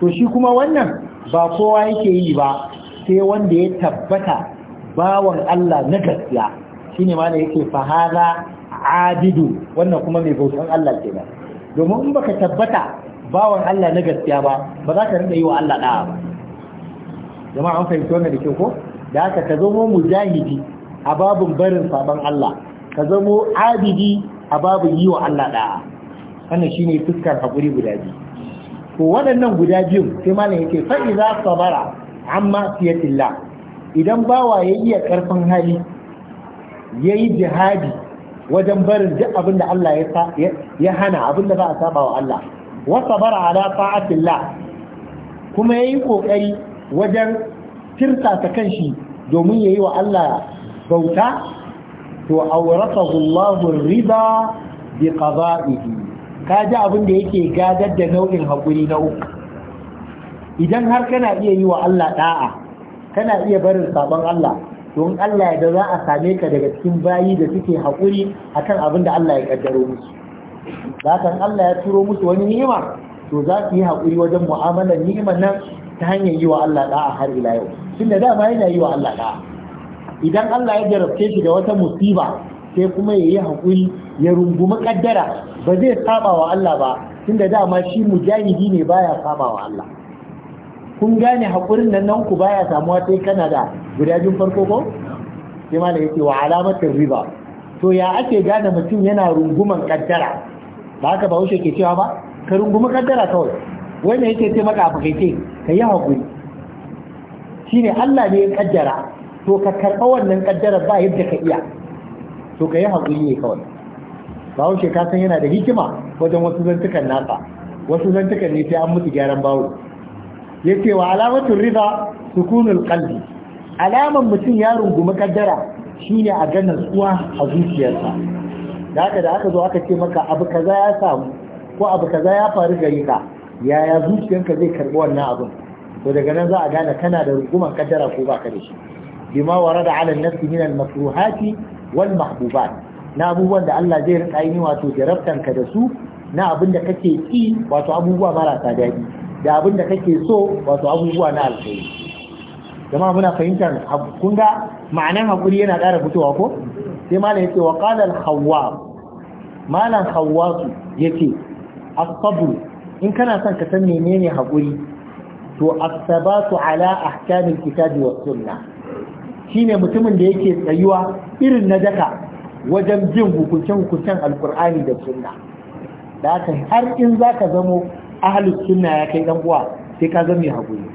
to shi kuma wannan ba kowa yake yi ba sai wanda ya tabbata bawan Allah na gaskiya shine ma da yake fahara abidu wannan kuma mai bautan Allah kenan domin in baka tabbata bawan Allah na gaskiya ba ba za ka rinka yi wa Allah da'a ba jama'a an fahimci wannan da ke ko da haka ka zamo mujahidi a babin barin sabon Allah ka zamo abidi a babin yi wa Allah da'a wannan shine fuskar hakuri guda biyu ko waɗannan guda biyun sai malam yake fa sabara amma siyatillah idan bawa ya iya karfin hali ya yi jihadi wajen barin duk abin da Allah ya hana abin da za a saba wa Allah wasa bara ala fa'atillah kuma yayi ƙoƙari wajen tirsa ta shi domin ya yi wa Allah bauta to awrathahu Allah riba bi qada'ihi kaji abin da yake gadar da nau'in hakuri na uku idan har kana iya yi wa Allah da'a kana iya barin sabon Allah don Allah da za a same ka daga cikin bayi da suke haƙuri akan abin da Allah ya ƙaddaro musu zakan Allah ya turo musu wani ni'ima to za su yi haƙuri wajen mu'amalar ni'imar nan ta hanyar yi wa Allah da'a har ila yau tunda dama yana yi wa Allah da'a idan Allah ya jarabce shi da wata musiba sai kuma ya yi haƙuri ya rungumi kaddara ba zai saba wa Allah ba tunda dama shi mujahidi ne baya saba wa Allah kun gane haƙurin nan nan ku baya samuwa sai kana da guda biyun farko ko sai malam yake wa alamatin riba to ya ake gane mutum yana runguman kaddara ba haka bahaushe ke cewa ba ka rungumi kaddara kawai wanda yake ce maka a fakaice ka yi haƙuri shine Allah ne ya kaddara to ka karɓa wannan kaddara ba yadda ka iya to ka yi haƙuri ne kawai bahaushe ka san yana da hikima wajen wasu zantukan nasa wasu zantukan ne sai an musu gyaran bawo ce wa alamatu rida sukunul kalbi alaman mutum ya rungumi kaddara shine a ga natsuwa a zuciyarsa da haka da aka zo aka ce maka abu kaza ya samu ko abu kaza ya faru gare ka yaya zuciyarka zai karbi wannan abin to daga nan za a gane kana da rungumar kaddara ko ba ka da shi bima warada ala nafsi min al makruhati wal mahbubat na abubuwan da Allah zai rika yi wato jarabtanka da su na abin da kake ki wato abubuwa marasa daɗi da abin da kake so wato abubuwa na alkhairi jama'a muna fahimtar kun ga ma'anan hakuri yana ƙara fitowa ko sai malam yace wa qala al malam khawwasu yace as-sabr in kana son ka san menene hakuri to as-sabatu ala ahkam al-kitabi was sunnah shine mutumin da yake tsayuwa irin na daka wajen jin hukuncin hukuncen alkur'ani da sunna da haka har in zaka zamo ahlus sunna ya kai ɗan uwa sai ka zama hakuri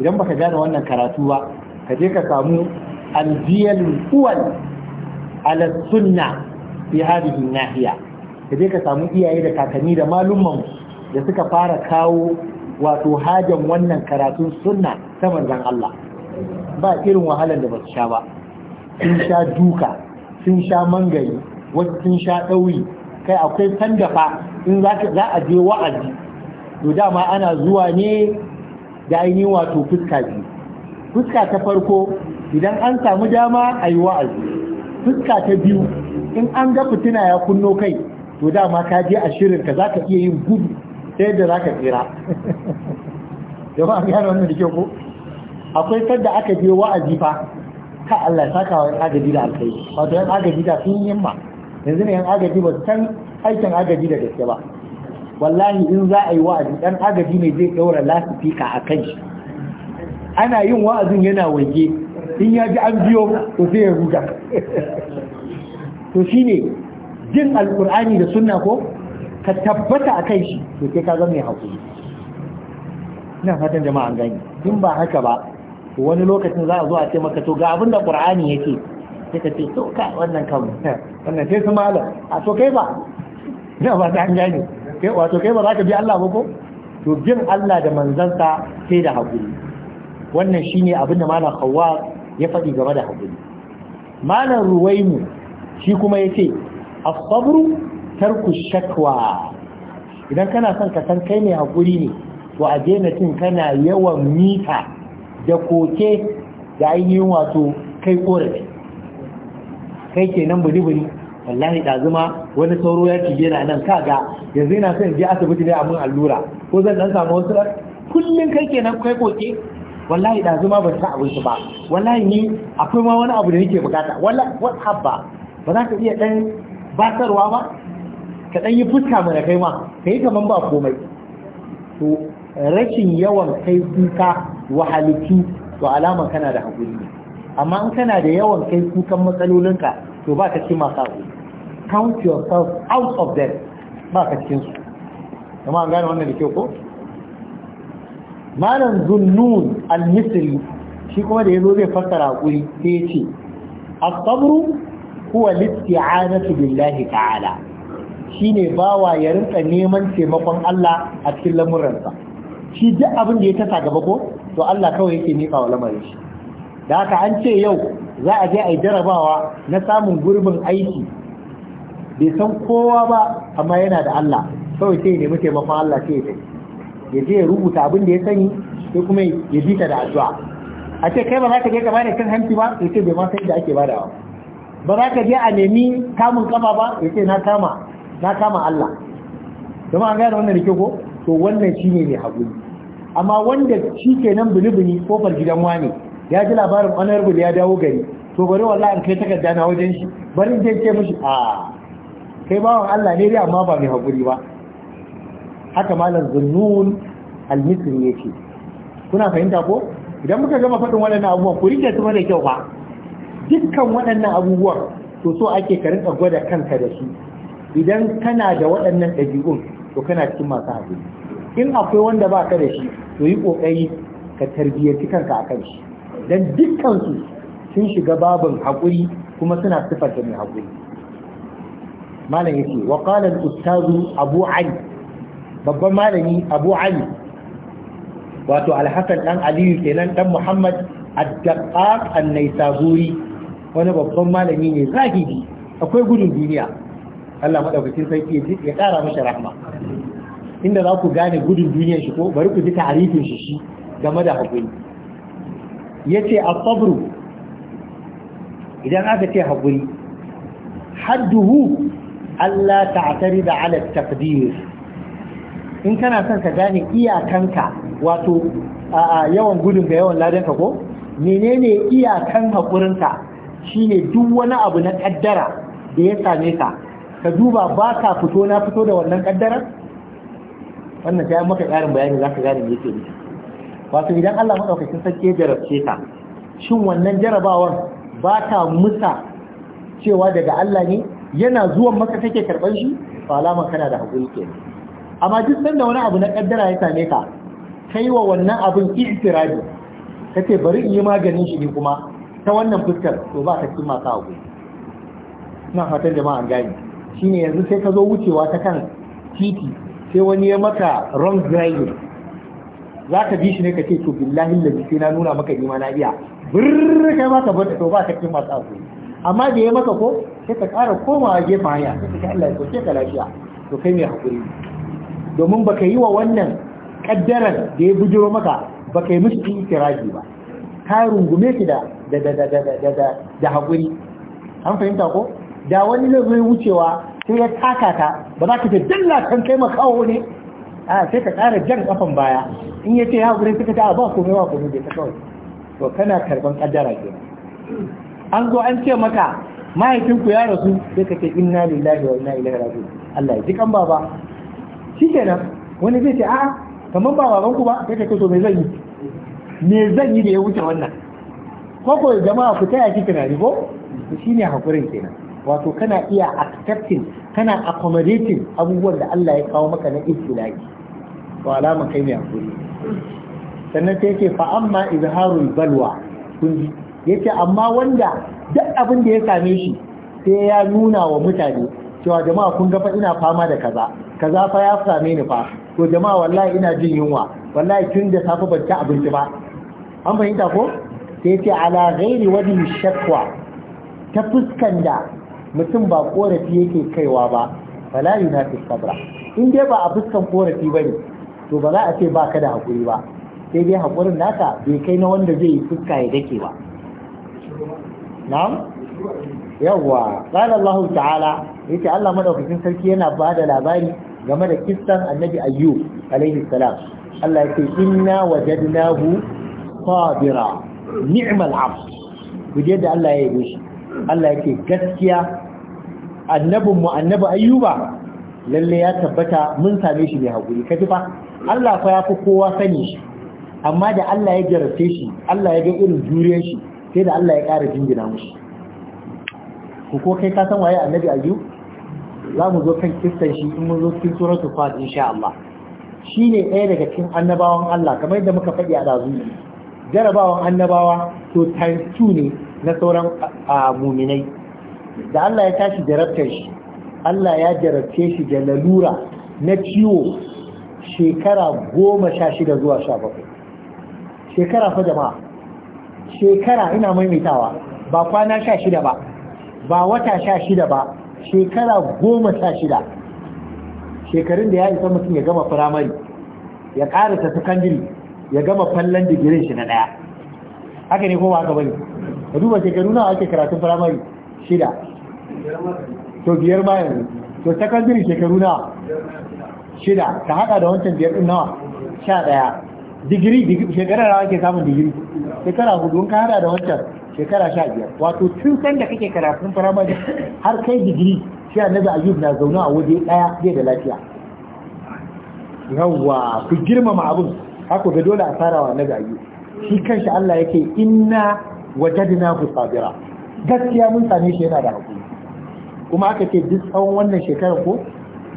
idan baka gane wannan karatu ba ka je ka samu aljiyalul uwal ala sunna fi hadhihi nahiya ka je ka samu iyaye da kakanni da malumman da suka fara kawo wato hajan wannan karatun sunna ta manzon Allah ba irin wahalar da ba su sha ba sun sha duka sun sha mangari wasu sun sha ɗauri kai akwai sanda fa in za a je wa'azi to dama ana zuwa ne da ainihin wato fuska biyu fuska ta farko idan an samu dama a yi wa'azi fuska ta biyu in an ga fitina ya kunno kai to dama ka je a shirin ka za ka iya yin gudu ta yadda za ka tsira [LAUGHS] jama'a an gane wannan da ke ko akwai sadda aka je wa'azi fa ka Allah ya saka wa agaji da alkai wato yan agaji da sun yamma yanzu ne yan agaji ba san aikin agaji da gaske ba wallahi in za a yi wa'azi dan agaji ne zai ɗaura lasifika a kan shi ana yin wa'azin yana waje in ya ji an biyo to sai ya ruga [LAUGHS] to shi ne jin alkur'ani da sunna ko ka tabbata a kan shi to sai ka zama mai hakuri ina fatan jama'a an gani in ba haka ba wani lokacin za a zo a ce maka to ga abin da qur'ani yake sai ka ce to ka wannan kan eh, wannan sai su malam a to kai ba ina ba ta hanya ne? kai wato kai ba za ka bi Allah ba ko to bin Allah da manzansa sai da haƙuri. wannan shi ne abinda malam Hawwa ya faɗi game da haƙuri. malam Ruwaimu shi kuma ya ce, a sabru tarku shakwa idan kana son ka san kai ne haƙuri ne to a daina cin kana yawan mita da koke da ainihin wato kai korafi kai kenan buri buri wallahi da zuma wani sauro ya cije na nan ga yanzu ina son je asibiti ne a mun allura ko zan dan samu wasu kullum kai kenan kai koke wallahi da zuma ban sa abinci ba wallahi ni akwai ma wani abu da nake bukata wallahi what habba ba za ka iya dan basarwa ba ka dan yi fuska mana kai ma kai kaman ba komai to rashin yawan kai kuka wahalitu to alama kana da hakuri ne amma in kana da yawan kai kukan matsalolinka to ba ka ci masu haƙuri count yourself out of them ba ka cikin su amma an gane wannan da kyau ko malam zunnun al-misri shi kuma da yazo zai fassara haƙuri sai ya ce as-sabru huwa billahi ta'ala shine bawa ya rinka neman taimakon Allah a cikin lamuransa shi duk abin da ya tasa gaba ko to Allah kawai yake nika wa lamarin shi da haka an ce yau za a je a yi jarabawa na samun gurbin aiki bai san kowa ba amma yana da Allah kawai sai ya nemi taimakon Allah ce ya ya je ya rubuta abin da ya sani sai kuma ya bi ta da addu'a a ce kai ba za ka je ka bada cin hanci ba ya ce bai ma san da ake badawa ba za ka je a nemi kamun kafa ba ya ce na kama na kama Allah kuma an gane wannan rike ko to wannan shine mai hagu. amma wanda shi kenan bini-bini kofar gidan wani ya ji labarin honorable ya dawo gari to bari wallahi in kai takarda na wajen shi bari je ce mishi a kai bawon Allah ne dai amma ba mai hakuri ba haka malam zunnun al yake kuna fahimta ko idan muka gama faɗin waɗannan abubuwan ku rike su da kyau ba dukkan waɗannan abubuwan to so ake ka rinka gwada kanka da su idan kana da waɗannan ɗabi'un to kana cikin masu hakuri in akwai wanda ba ka da shi to yi ƙoƙari ka tarbiyyaci kanka a shi dan dukkansu sun shiga babin hakuri, kuma suna sifata mai hakuri, malam yace wa qala al-ustazu abu ali babban malami abu ali wato al dan aliyu kenan dan muhammad ad-daqqaq an naysaburi wani babban malami ne zahidi akwai gudun duniya Allah madaukakin sarki ya kara masa rahma inda za ku gane gudun duniyar shi ko bari ku ji tarihin shi shi game da haƙuri yace as-sabru idan aka ce hakuri, hadduhu Allah ta'tari da ala taqdir in kana son ka gane iyakanka wato yawan gudun ga yawan ka ko menene iyakan haƙurinka shine duk wani abu na kaddara da ya same ka ka duba ba ka fito na fito da wannan kaddarar wannan sai maka ƙarin bayani za ka gane me yake nufi wato idan Allah madaukakin sarki ya jarabce ka shin wannan jarabawar ba ta musa cewa daga Allah ne yana zuwan maka take karban shi ba alama kana da hakuri ke amma duk sanda wani abu na kaddara ya same ka kai wa wannan abin ka kace bari in yi maganin shi ne kuma ta wannan fuskar to ba ka cikin masu hakuri ina fatan jama'a an shine yanzu sai ka zo wucewa ta kan titi sai wani ya maka wrong driving za ka bi shi ne ka ce to billahi lalli sai na nuna maka nima na iya burr kai ma ka bada to ba ka cikin masu amma da ya maka ko sai ka ƙara komawa gefen hanya sai ka Allah ya sai ka lafiya to kai mai hakuri domin baka yi wa wannan kaddaran da ya bujiro maka baka yi masu ikiraji ba ka rungume shi da da da da da hakuri an fahimta ko da wani zai wucewa sai ya taka ta, ba za ka ce dalla kan kai makawo ne a sai ka ƙara jan kafan baya in ya ce ya gure suka ta ba komai ba komai bai ta kawai to kana karban kaddara ke an zo an ce maka mahaifinku ya rasu sai ka ce inna lillahi wa inna ilaihi raji'un Allah ya ji kan baba shikenan wani zai ce a'a kamar ba ku ba sai ka ce to me zan yi me zan yi da ya wuce wannan ko ko jama'a ku taya ki tunani ko shine hakurin kenan wato kana iya accepting kana accommodating abubuwan da Allah ya kawo maka na ibtila'i to alama kai mai hakuri sannan sai yake fa amma izharul balwa kun ji yake amma wanda duk abin da ya same shi sai ya nuna wa mutane cewa jama'a kun ga fa ina fama da kaza kaza fa ya same ni fa to jama'a wallahi ina jin yunwa wallahi tun da safe ban ci abinci ba an fahimta ko sai ce ala ghairi wadi shakwa ta fuskan da mutum ba korafi yake kaiwa ba fala yunafi sabra in dai ba a fuskan korafi ba ne to ba za a ce ba ka da haƙuri ba sai dai haƙurin naka bai kai na wanda zai yi fuska ya dake ba na'am yawwa qala Allah ta'ala yace Allah madaukakin sarki yana ba da labari game da kissan annabi ayyub alaihi salam Allah yace inna wajadnahu sabira ni'mal abd kuje da Allah ya yi shi Allah yake gaskiya annabin mu annabi ayyuba lalle ya tabbata mun same shi mai hakuri kaji fa Allah fa yafi kowa sani shi amma da Allah ya jarabce shi Allah ya ga irin juriyar shi sai da Allah ya ƙara jingina mu ku ko kai ka san waye annabi ayyub za mu zo kan kistan shi in mun zo cikin suratul fatiha insha Allah shine ɗaya daga cikin annabawan Allah kamar yadda muka faɗi a dazu jarabawan annabawa to times two ne na sauran muminai da Allah ya tashi jarabtar shi Allah ya jarabce shi da lalura na ciwo shekara goma sha shida zuwa sha bakwai shekara fa jama'a shekara ina maimaitawa ba kwana sha shida ba ba wata sha shida ba shekara goma sha shida shekarun da ya isa mutum ya gama firamare ya ƙarasa sakandiri ya gama fallon digirin shi na daya. haka ne kowa ka bane ka duba shekaru nawa ake karatun firamare shida to biyar ma yanzu to secondary shekaru nawa shida ka haɗa da wancan biyar ɗin nawa sha ɗaya digiri shekara nawa ake samun digiri shekara hudu ka haɗa da wancan shekara sha biyar wato tun san da kake karatun firamare har kai digiri shi annabi ayyub na zaune a waje ɗaya zai da lafiya yawwa ku girmama abin haku ga dole a farawa na gayu shi kanshi Allah yake inna wajadna hu sabira gaskiya mun same shi yana da hakuri kuma aka ce duk tsawon wannan shekarar ko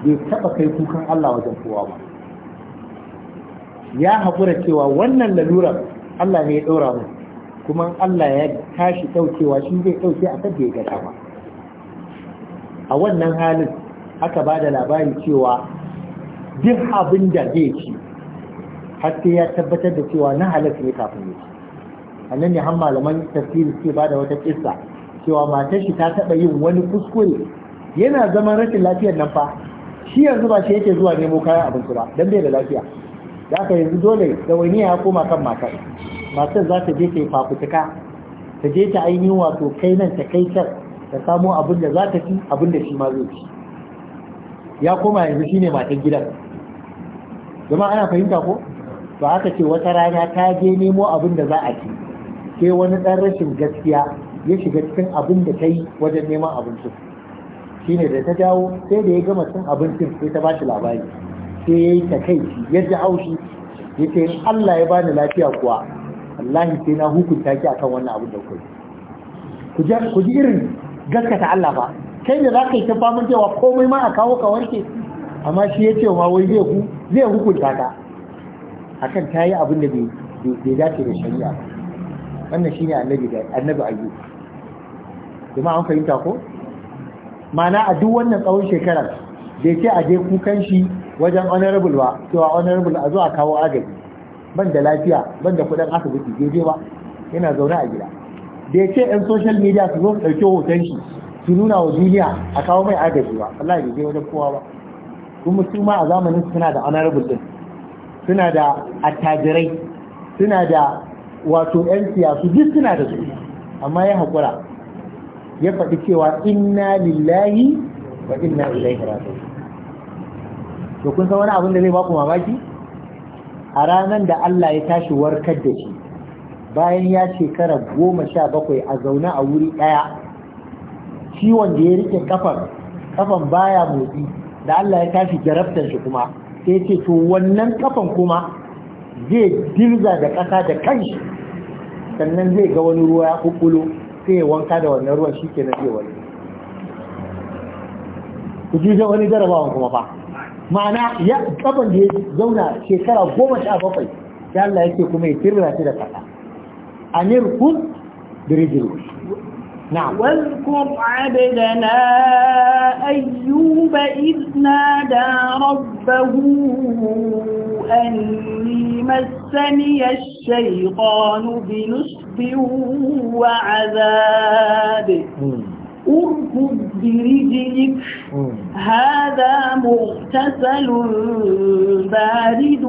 bai taba kai kukan Allah wajen kowa ba ya haƙura cewa wannan lalurar Allah ne ya ɗora mu kuma Allah ya tashi ɗaukewa shi zai ɗauke a kan da ya ba a wannan halin aka ba da labari cewa duk abin da zai ci sai ya tabbatar da cewa na halatta ne kafin ya ci annan ne har malaman tafsiri ke ba da wata kissa cewa matar shi ta taɓa yin wani kuskure yana zaman rashin lafiyar nan fa shi yanzu ba shi yake zuwa nemo kayan abinci ba dan bai da lafiya da aka yanzu dole wani ya koma kan matar matar za ta je ta yi fafutuka ta je ta ainihin wato kai nan ta kai can ta samo abin da za ta ci abin da shi ma zai ci ya koma yanzu shine matan gidan Zama ana fahimta ko to haka ce wata rana ta je nemo abin da za a ci sai wani dan rashin gaskiya ya shiga cikin abin da ta yi wajen neman abincin shine da ta dawo sai da ya gama cin abincin sai ta ba shi labari sai ya yi ta kai ya ji haushi ya ce Allah ya bani lafiya kuwa wallahi sai na hukunta ki akan wannan abin da kuka ku ku ji irin gaskata Allah ba kai da zaka yi ta faman cewa komai ma a kawo ka wanke? amma shi ya ce ma wai zai zai hukunta ka akan ta yi abin da bai dace da shari'a ba wannan shi ne annabi ayyu kuma an fahimta ko mana a duk wannan tsawon shekarar bai ce a je kukan shi wajen honorable ba cewa honorable a zuwa kawo agaji ban da lafiya ban da kudin asibiti daidai ba yana zaune a gida bai ce yan social media su zo su ɗauki hoton shi su nuna wa duniya a kawo mai agaji ba Allah ya je wajen kowa ba kuma su ma a zamanin suna da honorable din suna da attajirai suna da wato 'yan siyasu duk suna da su amma ya haƙura ya faɗi cewa inna lillahi wa inna ilaihi raji'un to kun san wani abin da zai baku mamaki a ranar da Allah ya tashi warkar da shi bayan ya shekara goma sha bakwai a zaune a wuri ɗaya ciwon da ya rike kafan kafan baya motsi da Allah ya tashi jarabtar shi kuma sai ce to wannan kafan kuma zai dirza da ƙasa da kanshi sannan zai ga wani ruwa ya kukulo sai ya wanka da wannan ruwan shi ke na zai wani ku ji wani jarabawan kuma fa ma'ana ya kafan da ya zauna shekara goma sha bakwai ya Allah yake kuma ya tirra shi da ƙasa anir kun نعم واذكر عبدنا أيوب إذ نادى ربه أني مسني الشيطان بنصب وعذاب اركض برجلك هذا مغتسل بارد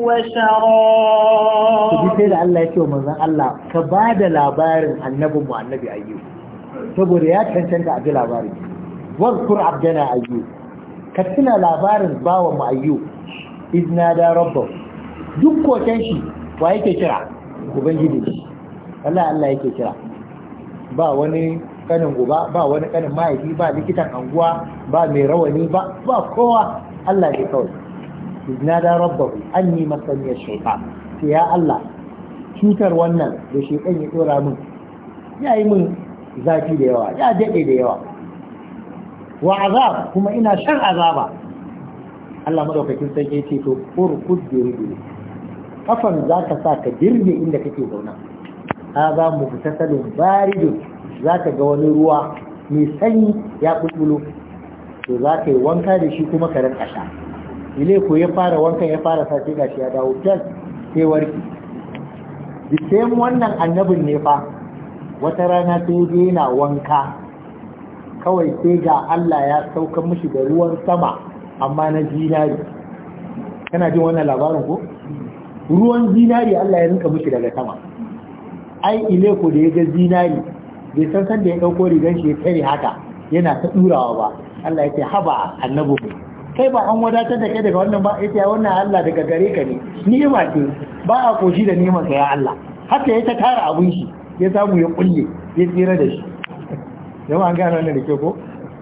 وشراب sai da Allah ya ce manzon Allah ka ba da labarin annabin mu annabi ayyub saboda ya cancanta a ji labarin wazkur abdana ayyub ka tuna labarin bawan mu ayyub izna da rabbahu duk koken shi wa yake kira Allah Allah yake kira ba wani kanin uba ba wani kanin mahaifi ba likitan anguwa ba mai rawani ba ba kowa Allah ne kawai iznada rabbahu anni masani shaytan sai ya Allah cutar wannan da shaytan ya dora min ya yi min zafi da yawa ya daɗe da yawa wa azab kuma ina shan azaba Allah madaukakin sarki ce to urkud bi kafan zaka sa ka dirge inda kake zauna hadha muftasalun baridun za ka ga wani ruwa mai sanyi ya bulbulo to za ka yi wanka da shi kuma ka rinka sha ile ko ya fara wankan ya fara sa sai gashi ya dawo tas sai warki the same wannan annabin ne fa wata rana sai ya yana wanka kawai sai ga Allah ya sauka mishi da ruwan sama amma na zinari kana jin wannan labarin ko ruwan zinari Allah ya rinka mishi daga sama ai ile ko da ya ga zinari bai san san da ya ɗauko rigar shi ya tare haka yana ta ɗurawa ba Allah ya ce haba annabu kai ba an wadatar da kai daga wannan ba ya ce wannan Allah daga gare ka ne Ni ce ba a koshi da neman sa ya Allah haka ya ta tara abun shi ya samu ya kulle ya tsira da shi Yau an gano wannan da ke ko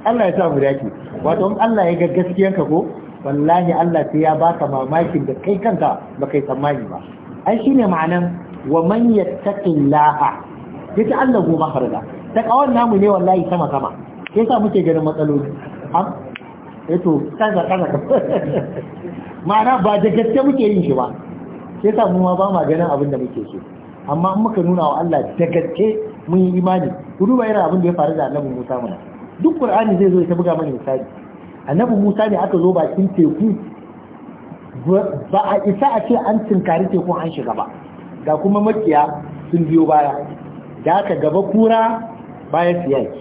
Allah ya sa mu dace wato Allah ya ga ka ko wallahi Allah sai ya baka mamakin da kai kanka ba kai tsammani ba ai shine ma'anan wa man yattaqillaha yake ta Allah goma farga ta kawar namu ne wallahi sama sama ya sa muke ganin matsaloli am eh to kaza kaza [LAUGHS] ma'ana ba da gaske muke yin shi ba sai sa mu ma ba ma ganin abin da muke so amma in muka nuna wa Allah da gaske mun yi imani ku duba irin abin da ya faru da Annabi Musa mana duk Qur'ani zai zo ya buga mana misali Annabi Musa ne aka zo bakin teku ba a isa a ce an tinkari teku an shiga ba ga kuma makiya sun biyo baya da aka gaba kura bayan siyaki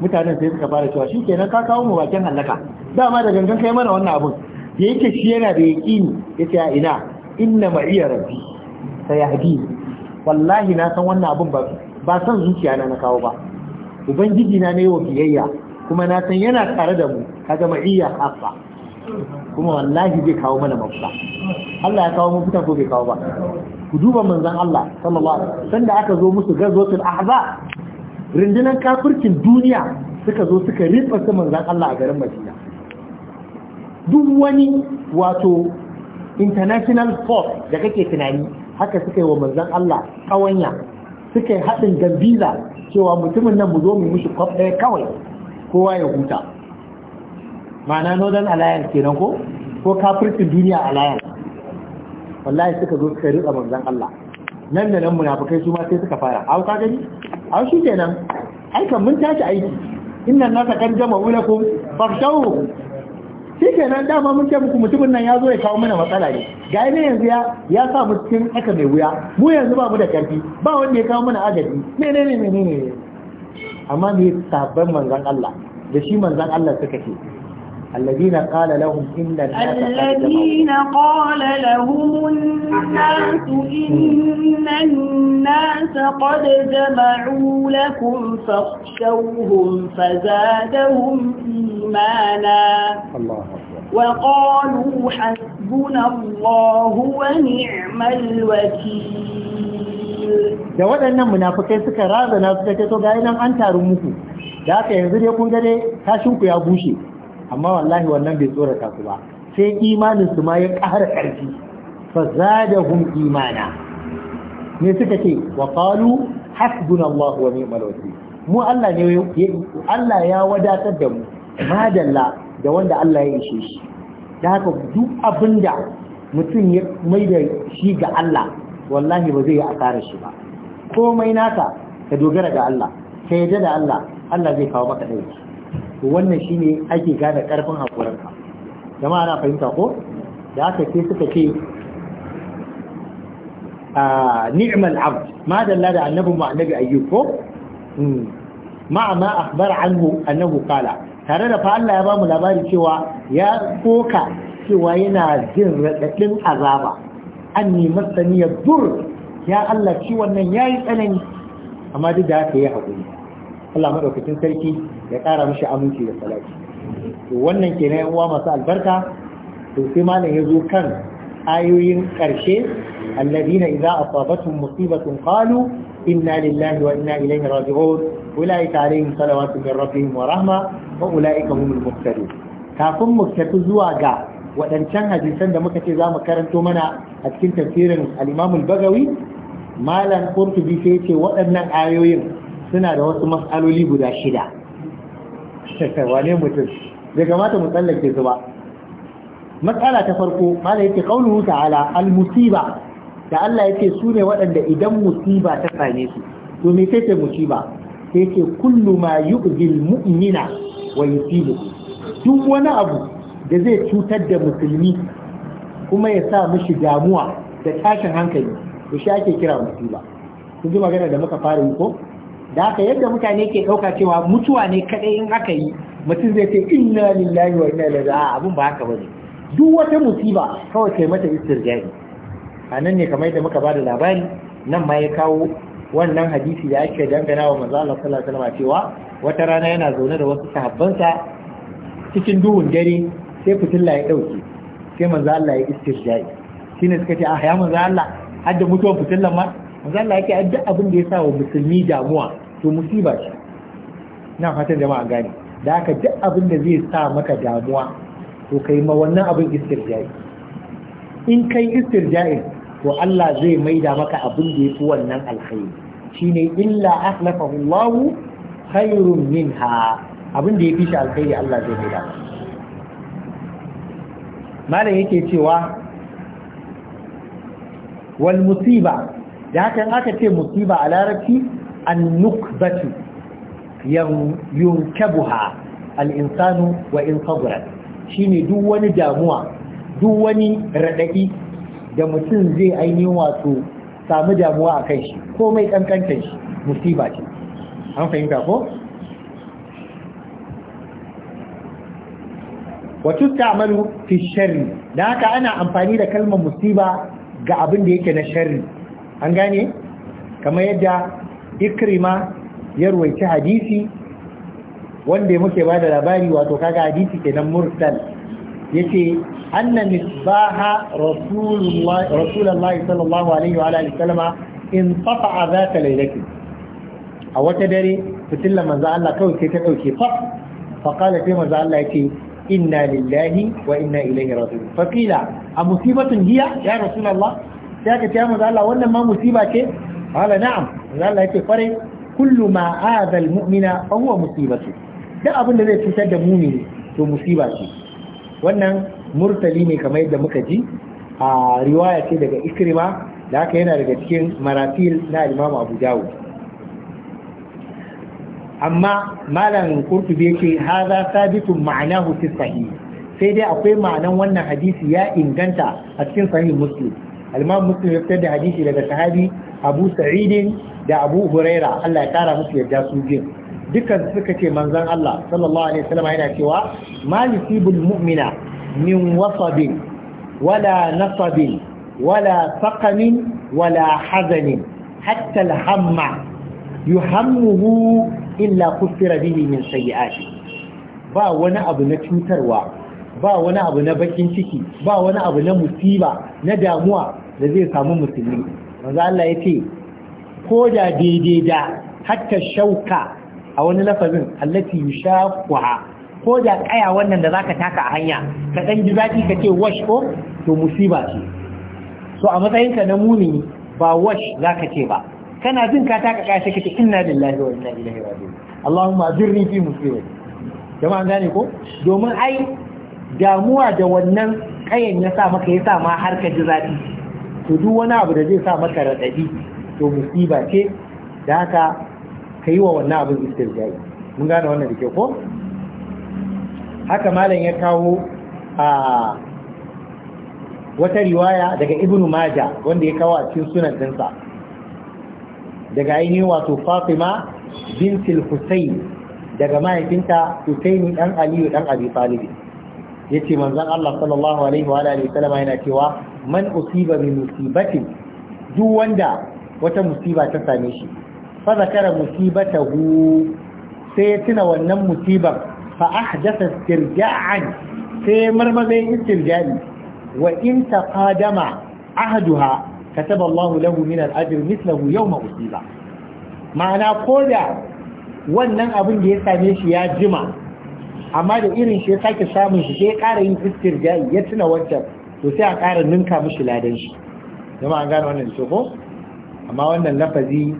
mutanen sai suka fara cewa shi kenan ka kawo mu bakin hallaka dama da gangan kai mana wannan abun da yake shi yana da yaƙini ya ce a ina inna iya rabbi sai ya wallahi na san wannan abun ba san zuciya na na kawo ba ubangiji na ne wa kuma na san yana tare da mu kaga iya haka kuma wallahi zai kawo mana mafita Allah ya kawo mafita ko bai kawo ba ku duba manzon Allah sallallahu sanda aka zo musu gazwatul ahza rundunar kafirkin duniya suka zo suka rifa su manzan Allah a garin Madina duk wani wato international force da kake tunani haka suka yi wa manzan Allah kawanya suka yi haɗin gambiza cewa mutumin nan mu zo mu mishi kwaf ɗaya kawai kowa ya huta ma'ana northern alliance kenan ko ko kafircin duniya alliance wallahi suka zo suka rika manzon Allah nan da nan munafikai su ma sai suka fara a ka gani a shi kenan aikan mun tashi aiki inna naka kan jama ulakum fakhshawhu shi kenan dama mun ce muku mutumin nan ya zo ya kawo mana matsala ne ga ne yanzu ya ya sa mu cikin aka mai wuya mu yanzu ba mu da karfi ba wanda ya kawo mana agaji menene menene amma ne sabon manzon Allah da shi manzon Allah suka ce الذين قال لهم إن الناس الذين قال لهم الناس إن الناس قد جمعوا لكم فاخشوهم فزادهم إيمانا الله وقالوا حسبنا الله ونعم الوكيل da waɗannan munafukai suka razana suka ce to ga nan an taru muku da aka yanzu dai kun ga dai tashin ku ya bushe amma wallahi wannan bai tsorata su ba sai imanin su ma ya ƙara ƙarfi fa zadahum imana me suka ce wa qalu hasbunallahu wa ni'mal wakeel mu Allah ne Allah ya wadatar da mu madalla da wanda Allah ya ishe shi da haka duk abinda mutum ya mai da shi ga Allah wallahi ba zai yi asarar shi ba komai naka ka dogara ga Allah ka yadda da Allah Allah zai kawo maka ɗauki to wannan shine ake gane karfin haƙurinka jama'a na fahimta ko da aka ce suka ce a ni'mal abd ma da da annabi mu annabi ayyub ko hmm. ma a akhbar anhu annahu qala tare da fa'alla ya ya bamu labari cewa ya koka cewa yana jin radadin azaba anni masani dur ya Allah ciwon nan yi tsanani amma duk da haka ya haƙuri Allah madaukakin sarki ya ƙara mishi aminci da salati to wannan kenan yan uwa masu albarka to sai malam ya zo kan ayoyin ƙarshe alladina idza asabatuhum musibatun qalu inna lillahi wa inna ilaihi raji'un ulaika alaihim salawatu min rabbihim wa rahma wa ulaika humul muhtadun kafin mu tafi zuwa ga waɗancan hadisan da muka ce za mu karanto mana a cikin tafsirin al-Imam bagawi malam Qurtubi sai ce waɗannan ayoyin suna da wasu mas'aloli guda shida [LAUGHS] wane mutum bai kamata mu tsallake su ba matsala ta farko mala yake qauluhu ta'ala al musiba da Allah yake su ne waɗanda idan musiba ta same su to me take musiba sai ce kullu ma yu'zil mu'mina wa yusibu duk wani abu da zai cutar da musulmi kuma ya sa mishi damuwa da tashin hankali to shi ake kira musiba kun ji magana da muka fara yi ko da haka yadda mutane ke ɗauka cewa mutuwa ne kaɗai in aka yi mutum zai ce inna lillahi wa inna ilaihi a abun ba haka bane duk wata musiba kawai kai mata istirjai a nan ne kamar yadda muka ba da labari nan ma ya kawo wannan hadisi da ake dangana wa manzo Allah sallallahu alaihi wasallam cewa wata rana yana zaune da wasu sahabbansa cikin duhun dare sai fitilla ya dauke sai manzo Allah ya istirjai shine suka ce ah ya manzo Allah har da mutuwan fitillan ma manzo Allah yake adda abin da ya sa wa musulmi damuwa to musiba ce na fatan jama'a gane da aka duk abin da zai sa maka damuwa to kai ma wannan abin istirja'i in kai istirja'i to Allah zai maida maka abin da ya fi wannan alkhairi shine illa ahlafahu Allah khairun minha abin da yafi shi alkhairi Allah zai maida maka malam yake cewa wal musiba da haka aka ce musiba a larabci annukbatu yunkabuha al'insanu wa in shi shine duk wani damuwa duk wani raɗaɗi da mutum zai ainihin wato samu damuwa a kai shi komai ƙanƙantar shi musiba ce an fahimta ko? wato ta'amalu fi sharri da haka ana amfani da kalmar musiba ga abin da yake na sharri an gane kamar yadda ikrima ya ruwaici hadisi wanda muke ba da labari wato kaga hadisi ke nan murtal yace anna misbaha rasulullah rasulullahi sallallahu alaihi wa alihi salama in fafa tafa'a ta laylati a wata dare fitillan manza Allah kawai sai ta ɗauke fa fa qala sai manzo Allah yace inna lillahi wa inna ilaihi raji'un fa qila a musibatun hiya ya rasulallah? sai ka ce manzo Allah wannan ma musiba ce qala na'am Allah yake kwarai kullu ma aza almu'mina fa huwa musibatu duk abin zai fitar da mumini to musiba ce wannan murtali ne kamar yadda muka ji a riwaya ce daga ikrima da haka yana daga cikin maratil na imamu abu dawud amma malam qurtubi yake hadha sabitun ma'anahu fi sahih sai dai akwai ma'anan wannan hadisi ya inganta a cikin sahih muslim al-imam muslim ya fitar da hadisi daga sahabi abu sa'idin da abu huraira Allah ya tara musu yadda su jin. dukkan suka ce manzan Allah sallallahu alaihi wasallam yana cewa ma yusibul mu'mina min wasabin wala nasabin wala saqamin wala hazanin hatta alhamma yuhammuhu illa kufira bihi min sayyi'ati ba wani abu na cutarwa ba wani abu na bakin ciki ba wani abu na musiba na damuwa da zai samu musulmi manzo Allah ya ce ko da daidai da hatta shauka a wani lafazin allati yushaquha ko da kaya wannan da zaka taka a hanya ka dan ji zaki ka ce wash ko to musiba ce so a matsayinka na muni ba wash zaka ce ba kana jin ka taka kaya sai ka ce inna lillahi wa inna ilaihi raji'un Allahumma ajirni fi musibati jama'an gane ko domin ai damuwa da wannan kayan ya sa maka ya sa ma har ka ji zafi to duk wani abu da zai sa maka raɗaɗi to musiba ce da haka ka yi wa wannan abin istirjai mun gane wannan da ke ko haka malam ya kawo a wata riwaya daga ibnu maja wanda ya kawo a cikin sunan dinsa daga ainihin wato fatima bintil husayn daga mahaifinta husayn dan aliyu dan abi talib yace manzon Allah sallallahu alaihi wa alihi wasallam yana cewa man usiba bi duk wanda wata musiba ta same shi fa zakara musibatahu sai ya tuna wannan musibar fa ahdatha istirja'an sai marmazai istirja'i wa in taqadama ahduha kataba Allahu lahu min al-ajr mithlahu yawma usiba ma'ana koda wannan abin da ya same shi ya jima amma da irin shi ya sake samun shi sai ya ƙara yin jayi ya tuna wancan to sai a ƙara ninka mishi ladan shi zama an gane wannan da amma wannan lafazi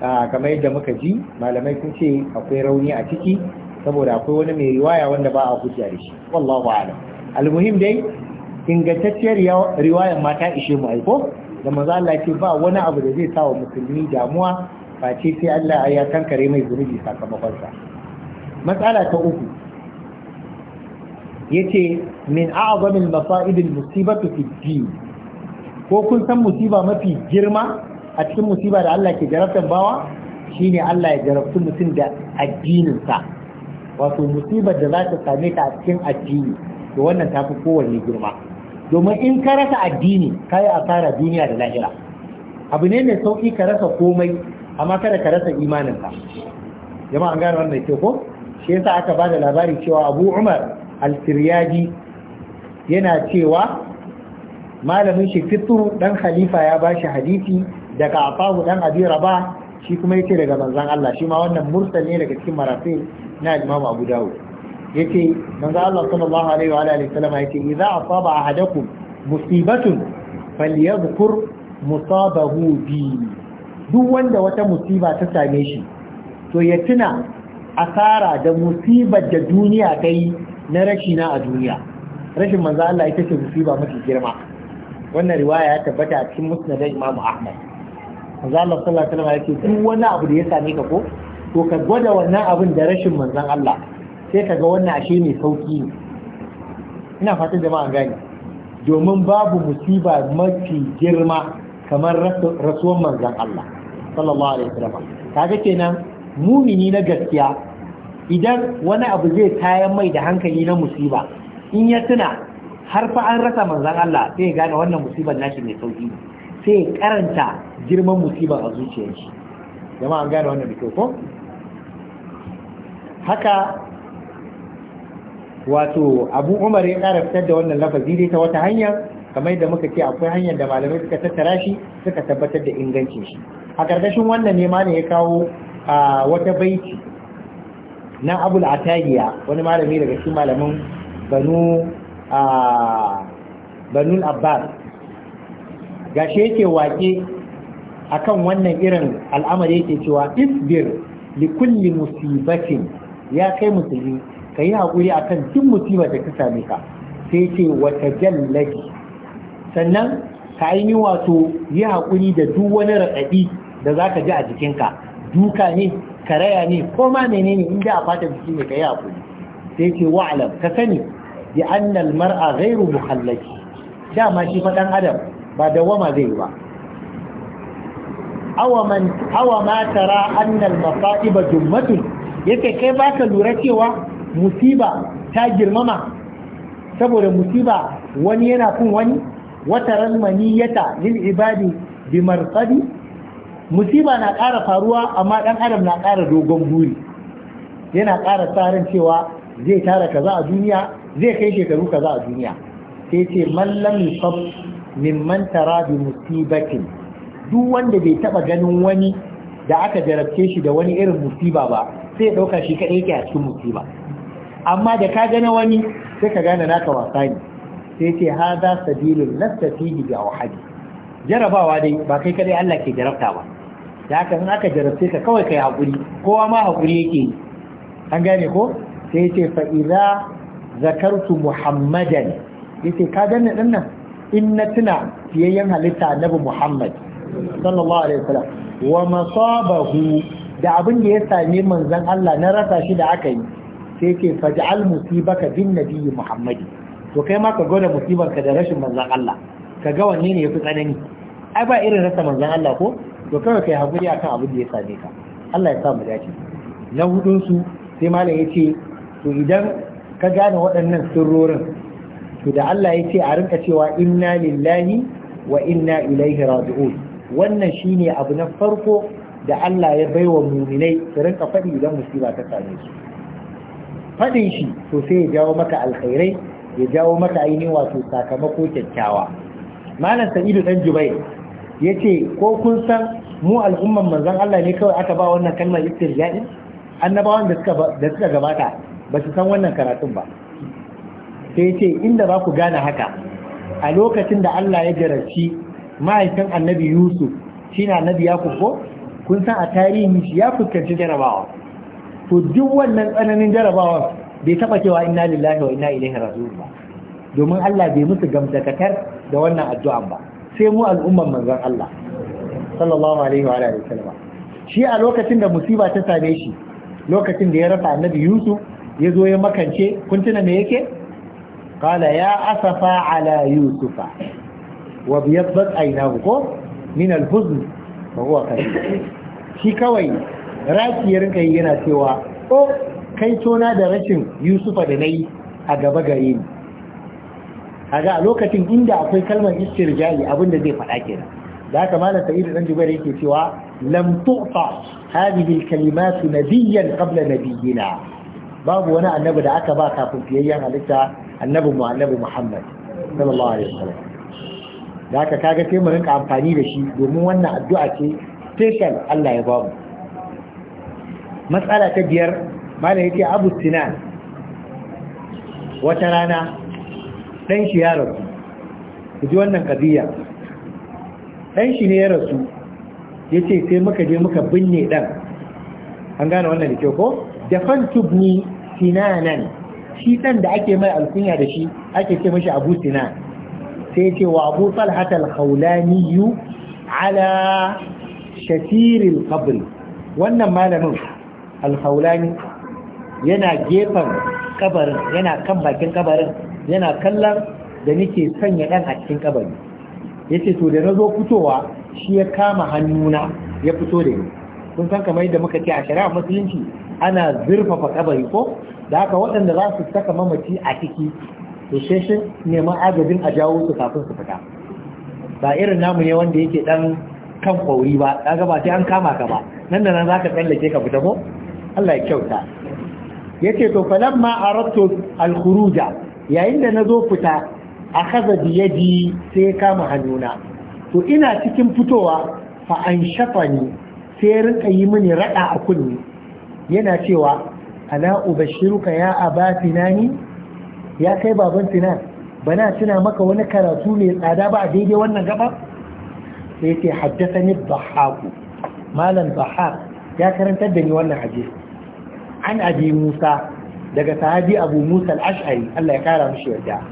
kamar yadda muka ji malamai sun ce akwai rauni a ciki saboda akwai wani mai riwaya wanda ba a hujja da shi wallahu a'lam almuhim dai ingantacciyar riwayar mata ta ishe mu aiko da manzo Allah ce ba wani abu da zai sawa musulmi damuwa face sai Allah ya kankare mai zunubi sakamakon sa matsala ta uku yace min a'zamil masa'ib al musibatu fi din ko kun san musiba mafi girma a cikin musiba da Allah ke jarabtan bawa shine Allah ya jarabtu mutum da addinin sa wato musibar da za ta same ta a cikin addini to wannan ta fi kowanne girma domin in ka rasa addini ka yi asara duniya da lahira abu ne mai sauƙi ka rasa komai amma kada ka rasa imanin jama'a an gane wannan ke ko shi yasa aka ba da labari cewa abu umar alfiryadi yana cewa malamin shi fitru dan khalifa ya bashi hadisi daga afahu dan abi raba shi kuma yace daga manzon Allah shi ma wannan mursal ne daga cikin marasil na Imam Abu Dawud yace manzon Allah sallallahu alaihi wa alihi wasallam yace idza asaba ahadakum musibatun falyadhkur musabahu bi duk wanda wata musiba ta same shi to ya tuna asara da musibar da duniya ta yi na rashi na a duniya rashin manzo Allah ita ce musiba mafi girma wannan riwaya ya tabbata a cikin musnad Imam Ahmad manzo Allah sallallahu alaihi wasallam yake duk wani abu da ya same ka ko to ka gwada wannan abin da rashin manzan Allah sai ka ga wannan ashe mai sauki ne ina fatan jama'a gani domin babu musiba mafi girma kamar rasuwan manzon Allah sallallahu alaihi wasallam kaga kenan mumini na gaskiya idan wani abu zai tayan mai da hankali na musiba in ya tuna har fa an rasa manzan Allah sai ya gane wannan musibar nashi mai sauki sai ya karanta girman musibar a zuciyar shi jama'a an gane wannan da ko haka wato abu umar ya kara fitar da wannan lafazi dai ta wata hanya kamar yadda muka ce akwai hanyar da malamai suka tattara shi suka tabbatar da ingancin shi a ƙarƙashin wannan ne ma ne ya kawo wata baiti na abul atahiya wani malami daga cikin malamin banu a banun abbas gashe yake wake kan wannan irin al'amari yake cewa isbir li kulli musibatin ya kai musulmi ka yi haƙuri akan duk musibar da ta same ka sai ce wata jallaki sannan ka ainihin wato yi haƙuri da duk wani raɗaɗi da za ka ji a jikinka duka ne karaya ne ko ma menene inda a fata biki ne kai hakuri sai ce wa'alam. ka sani bi annal mar'a ghayru muhallaki. dama shi fa adam ba dawama zai ba awa man awa ma tara anna al masaiba jummatun yake kai baka lura cewa musiba ta girmama saboda musiba wani yana kun wani wataran maniyata lil ibadi bi marqadi musiba na ƙara faruwa amma ɗan adam na ƙara dogon buri yana ƙara tsarin cewa zai tara kaza a duniya zai kai shekaru kaza a duniya sai ce mallam yusuf man tara bi musibatin duk wanda bai taba ganin wani da aka jarabce shi da wani irin musiba ba sai ɗauka shi kaɗai yake a cikin musiba amma da ka gane wani sai ka gane naka wasa ne sai ce ha sabilun lasta fihi bi awhadi jarabawa dai ba kai kaɗai Allah ke jarabta ba da haka in aka jarabce ka kawai kai hakuri, kowa ma haƙuri yake an gane ko sai ce fa'iza zakartu muhammadan yace ka danna ɗin nan in tuna fiyayyen halitta nabi muhammad sallallahu alaihi wasallam wa masabahu da abin da ya same manzon Allah na rasa shi da aka yi sai ce faj'al musibaka bin nabiyyi muhammad to kai ma ka gode musibar da rashin manzon Allah ka ga wanne ne yafi tsanani ai ba irin rasa manzon Allah ko to kawai kai hakuri akan abin da ya same ka Allah ya sa mu dace na hudun su sai malam yace to idan ka gane waɗannan sirrorin to da Allah ce a rinka cewa inna lillahi wa inna ilaihi raji'un wannan shine abu na farko da Allah ya bai wa muminai su rinka faɗi idan musiba ta same su faɗin shi to sai ya jawo maka alkhairai ya jawo maka ainihin wato sakamako kyakkyawa malam sa'idu dan jubair ya ce ko kun san mu al'umman manzan Allah ne kawai aka ba wannan kalmar istirja'i annabawan da suka da suka gabata ba su san wannan karatun ba sai ce inda ba ku gane haka a lokacin da Allah ya jarabci mahaifin annabi Yusuf shi na annabi Yakub ko kun san a tarihi shi ya fuskanci jarabawa to duk wannan tsananin jarabawa bai taba cewa inna lillahi wa inna ilaihi raji'un ba domin Allah bai musu gamsakatar da wannan addu'an ba sai mu al'umman manzon Allah sallallahu alaihi wa alihi wasallam shi a lokacin da musiba ta same shi lokacin da ya rasa annabi Yusuf ya zo ya makance kun tuna me yake qala ya asafa ala yusufa wa biyaddat aynahu ko min al-huzn fa huwa shi kawai raki ya yana cewa o oh, kai tona da rashin Yusufa da nayi a gaba gare ni kaga a lokacin inda akwai kalmar istirja'i abin da zai faɗa kenan da haka malam sa'idu dan jubair yake cewa lam tu'ta hadhihi al-kalimat nabiyyan qabla nabiyyina babu wani annabi da aka ba kafin fiyayyen halitta annabi mu annabi muhammad sallallahu alaihi wasallam da haka kaga sai mu rinka amfani da shi domin wannan addu'a ce special Allah ya mu. matsala ta biyar malam yace abu sinan wata rana ɗan shi ya rasu ku ji wannan ƙabiya ɗan shi ne ya rasu ya ce sai muka je muka binne ɗan an gane wannan da kyau ko da sinanan shi ɗan da ake mai alkunya da shi ake ce mashi abu sina sai ce wa abu talhatal haulaniyu ala shafirin qabri wannan malamin alhaulani yana gefen kabarin yana kan bakin kabarin yana kallon da nake sanya ɗan a cikin ƙabari. Ya ce to da na zo fitowa shi ya kama hannuna ya fito da ni kun san kamar yadda muka ce a shari'a musulunci ana zurfafa ƙabari ko da haka waɗanda za su saka mamaci a ciki to shi neman agajin a jawo su kafin su fita ba irin namu ne wanda yake ɗan kan kwauri ba ga ba sai an kama ka ba nan da nan zaka tsallake ka fita ko Allah ya kyauta yace to falamma aradtu al-khuruja yayin da na zo fita a kaza biyadi sai ya kama hannuna to ina cikin fitowa fa an shafa ni sai rinka yi mini raɗa a kunni yana cewa ala ubashiruka ya aba tinani ya kai baban tinan bana tuna maka wani karatu mai tsada ba a daidai wannan gaba sai ce haddasa ni bahaku malam Bahar ya karantar da ni wannan hadisi an abi musa daga sahabi abu musa al-ash'ari Allah ya kara mishi yarda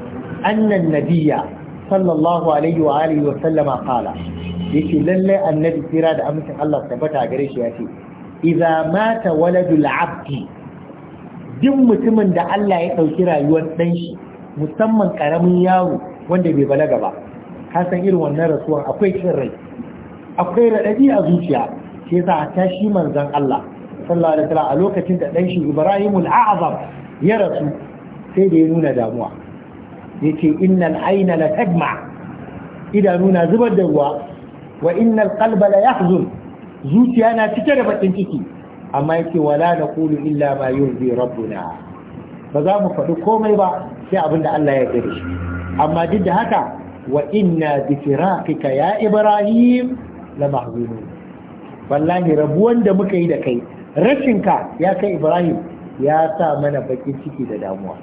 annan nabiyya sallallahu alaihi wa alihi wa sallama qala yace lalle annabi kira da amincin Allah tabbata gare shi yace idza mata waladul abdi duk mutumin da Allah ya ɗauki rayuwar ɗan shi musamman karamin yaro wanda bai balaga ba ka san irin wannan rasuwa akwai cin rai akwai raɗaɗi a zuciya sai yasa a tashi manzon Allah sallallahu a lokacin da ɗan shi Ibrahim azam ya rasu sai da ya nuna damuwa yace innal aina la tagma idanu na zubar da ruwa wa innal qalba la yahzun zuciya na cike da bakin ciki amma yake wala kulu illa ma yurzi rabbuna ba za mu faɗi komai ba sai abin da Allah ya gari amma duk da haka wa inna bi firaqika ya ibrahim la mahzunun wallahi rabuwan da muka yi da kai rashinka ya kai ibrahim ya sa mana bakin ciki da damuwa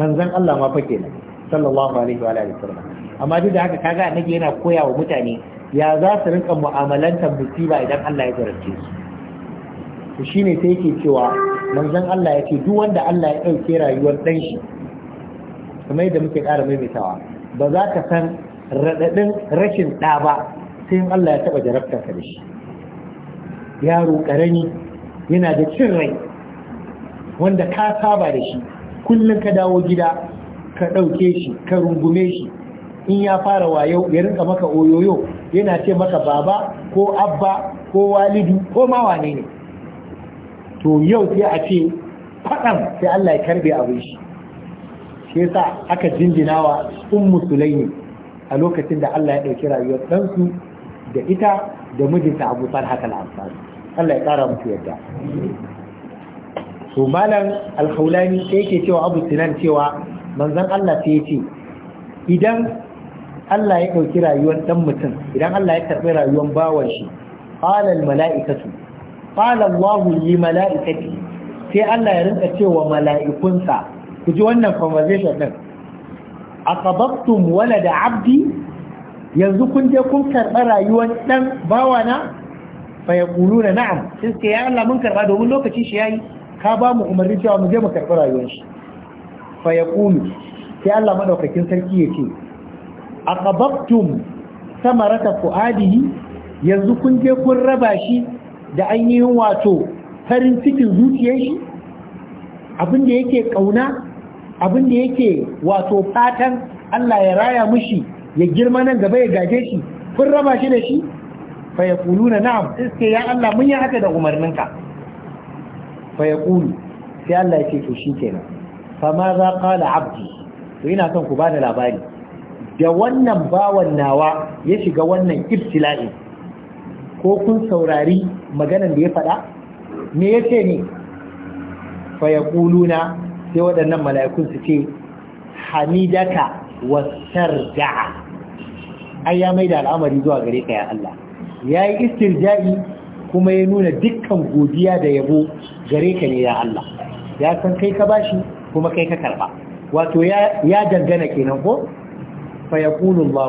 manzon Allah ma fa nan sallallahu alaihi wa alihi wasallam amma duk da haka kaga annabi yana koya wa mutane ya za su rinka mu'amalantar musiba idan Allah ya zarce su to shine sai yake cewa manzon Allah ya ce duk wanda Allah ya ɗauke rayuwar dan shi kamar yadda muke ƙara maimaitawa ba za ka san raɗaɗin rashin ɗa ba sai in Allah ya taɓa jarabta ka da shi yaro ƙarami yana da cin rai wanda ka saba da shi kullum ka dawo gida ka ɗauke shi ka rungume shi in ya fara wayo ya rinka maka oyoyo yana ce maka baba ko abba ko walidu ko ma wane ne to yau sai a ce faɗan sai Allah ya karbe abin shi shi yasa aka jinjina wa ummu sulaimi a lokacin da Allah ya ɗauki rayuwar ɗansu da ita da mijinta Abu Talha al-Ansari Allah ya kara musu yadda to malam alhaulani sai yake cewa abu sinan cewa manzon Allah sai yace idan Allah ya ɗauki rayuwar ɗan mutum idan Allah ya karɓi rayuwar bawan shi qalal mala'ikatu qala Allahu li mala'ikati sai Allah ya rinka cewa mala'ikunsa ku ji wannan conversation din aqabtum da abdi yanzu kun je kun karɓi rayuwar ɗan bawana fa na na'am sai suke ya Allah mun karba domin lokacin shi yayi ka ba mu umarni cewa mu je mu karba rayuwar shi fa sai Allah madaukakin sarki yace aqabtum samarata fuadihi yanzu kun je kun raba shi da ainihin wato farin cikin zuciyar shi abin da yake kauna abin da yake wato fatan Allah ya raya mushi ya girma nan gaba ya gaje shi kun raba shi da shi fa yaquluna na'am iske ya Allah mun yi haka da umarninka Fayakulu sai Allah ya ce to shikenan fa ma za qala abdi to ina son ku bani labari da wannan bawan nawa ya shiga wannan ibtila'i ko kun saurari maganan da ya faɗa me yace ne fa yaquluna sai waɗannan mala'ikun su ce hamidaka wasarda'a ai ya mai da al'amari zuwa gare ka ya Allah ya yi istirja'i kuma ya nuna dukkan godiya da yabo gare ka ne ya Allah ya san kai ka bashi kuma kai ka karba wato ya dangana kenan ko fa yaqulu Allah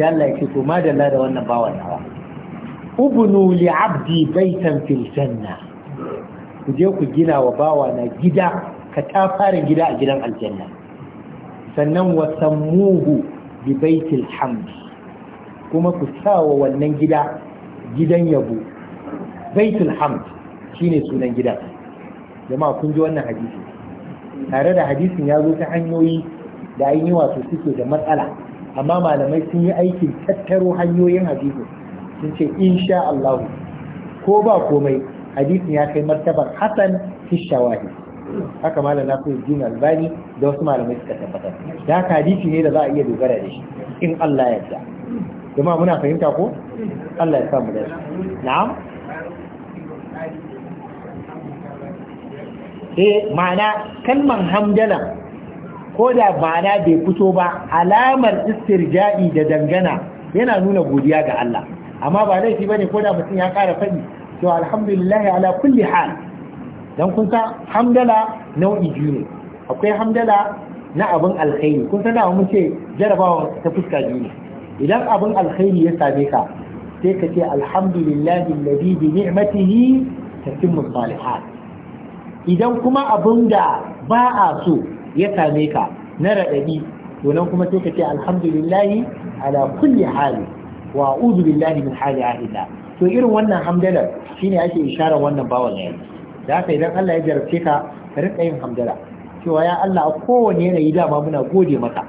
Allah ya ce to madalla da wannan bawan nawa ubnu li abdi baitan fil janna ku je ku gina wa bawa na gida ka ta fara gida a gidan aljanna sannan wa sammuhu bi baitil hamd kuma ku sawa wannan gida gidan yabo baitul hamd shine sunan gidan jama'a kun ji wannan hadisi tare da hadisin ya zo ta hanyoyi da an yi wato suke da matsala amma malamai sun yi aikin tattaro hanyoyin hadisin sun ce insha Allah ko ba komai hadisin ya kai martabar hasan fi shawahi haka malam na kuma jin albani da wasu malamai suka tabbatar da haka hadisi ne da za a iya dogara da shi in Allah ya yarda jama'a muna fahimta ko Allah ya sa mu dace na'am eh ma'ana kalman hamdala ko da ma'ana bai fito ba alamar istirja'i da dangana yana nuna godiya ga Allah amma ba laifi bane ko da mutum ya kara faɗi to alhamdulillah ala kulli hal dan kun san hamdala nau'i biyu ne akwai hamdala na abin alkhairi kun san da mun ce jarabawa ta fuska biyu idan abin alkhairi ya same ka sai ka ce alhamdulillahi alladhi bi ni'matihi tatimmu salihat idan kuma abin da ba a so ya same ka na raɗaɗi to nan kuma sai ka ce alhamdulillahi ala kulli hali wa a'udhu billahi min hali ahila to irin wannan hamdalar shine ake isharar wannan bawan yayi da haka idan Allah ya jarabce ka ka rika yin hamdala cewa ya Allah a kowane yanayi dama muna gode maka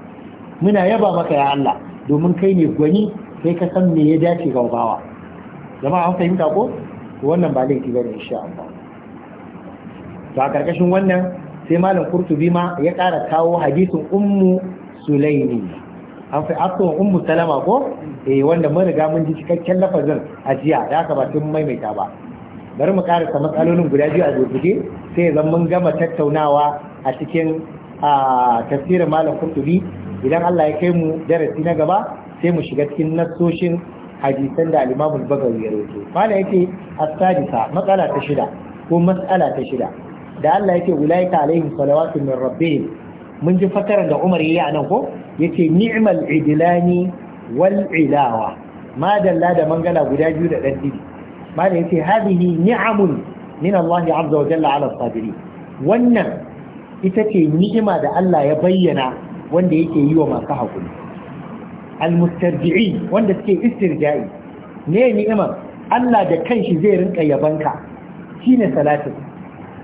muna yaba maka ya Allah domin kai ne gwani kai ka san me ya dace ga bawa jama'a an fahimta ko wannan ba laifi bane insha Allah to karkashin wannan sai malam kurtubi ma ya ƙara kawo hadisin ummu sulaimi an fi afton ummu salama ko eh wanda mun riga mun ji cikakken lafazin a jiya da aka ba tun maimaita ba bari mu karasa matsalolin guda biyu a zuciye, sai zan mun gama tattaunawa a cikin tafsirin malam kurtubi idan Allah ya kai mu darasi na gaba sai mu shiga cikin nassoshin hadisan da al-Imam al-Bagawi ya rawaito mala yake as-sadisa matsala ta shida ko matsala ta shida da Allah yake ulaika alaihim salawatu min rabbihim mun ji fakaran da Umar yayi anan ko yace ni'mal idlani wal ilawa ma dalla da mangala guda biyu da dan didi mala yace hadhihi ni'amun min Allah azza wa jalla ala sabiri wannan ita ce ni'ima da Allah ya bayyana wanda yake yi wa masu haƙuri almustarji'i wanda suke istirja'i ne ni'imar Allah da kanshi zai rinka yabanka shine salatin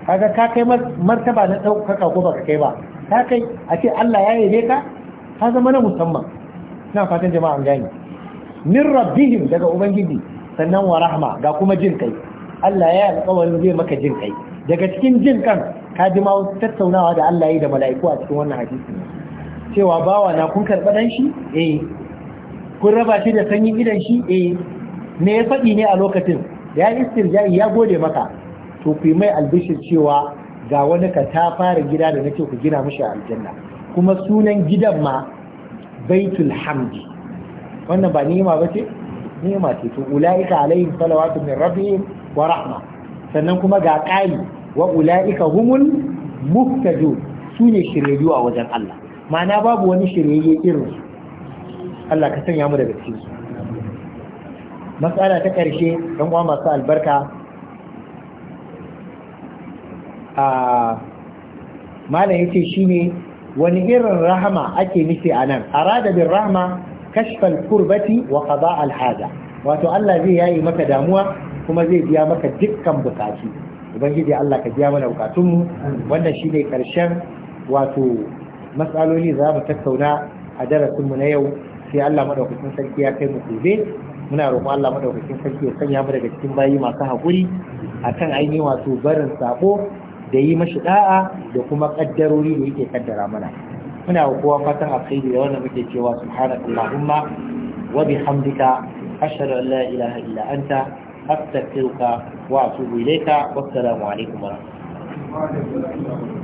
kaga ka kai martaba na ɗaukaka ko baka kai ba ta kai a ce Allah ya yabe ka ta zama na musamman na fatan jama'a an gani min rabbihim daga ubangiji sannan wa rahma ga kuma jin kai Allah ya alƙawarin zai maka jin kai daga cikin jin kan ka ji ma tattaunawa da Allah ya yi da mala'iku a cikin wannan hadisi cewa bawa na kun karɓa ɗan shi eh kun raba shi da sanyin idan shi eh me ya faɗi ne a lokacin ya yi istirja'i ya gode maka to ku mai albishir cewa ga wani ka ta fara gida da nake ku gina mishi aljanna kuma sunan gidan ma baitul hamdi wannan ba ni'ima ba ce ni'ima ce to ulaika alaihim salawatu min rabbihim wa rahma sannan kuma ga ƙari wa ulaika humul muhtadun su ne shiryayyu a wajen Allah ma'ana babu wani shiryayye irin su Allah ka sanya mu daga cikin matsala ta ƙarshe don kuma masu albarka a ce shi shine wani irin rahama ake nufi a nan arada bin rahama kashfal kurbati wa qada al wato Allah zai yayi maka damuwa kuma zai biya maka dukkan bukatu ubangiji Allah ka biya mana bukatunmu wannan shine ƙarshen wato matsaloli za mu tattauna a darasinmu na yau sai Allah madaukakin sarki ya kai mu gobe muna roƙon Allah madaukakin sarki ya sanya mu daga cikin bayi masu haƙuri akan ainihin wato barin sabo da yi mashi da'a da kuma kaddarori da yake kaddara mana muna kowa fatan alkhairi da wannan muke cewa subhanakallahumma wa bihamdika ashhadu an la ilaha illa anta astaghfiruka wa atubu ilayka wassalamu alaikum wa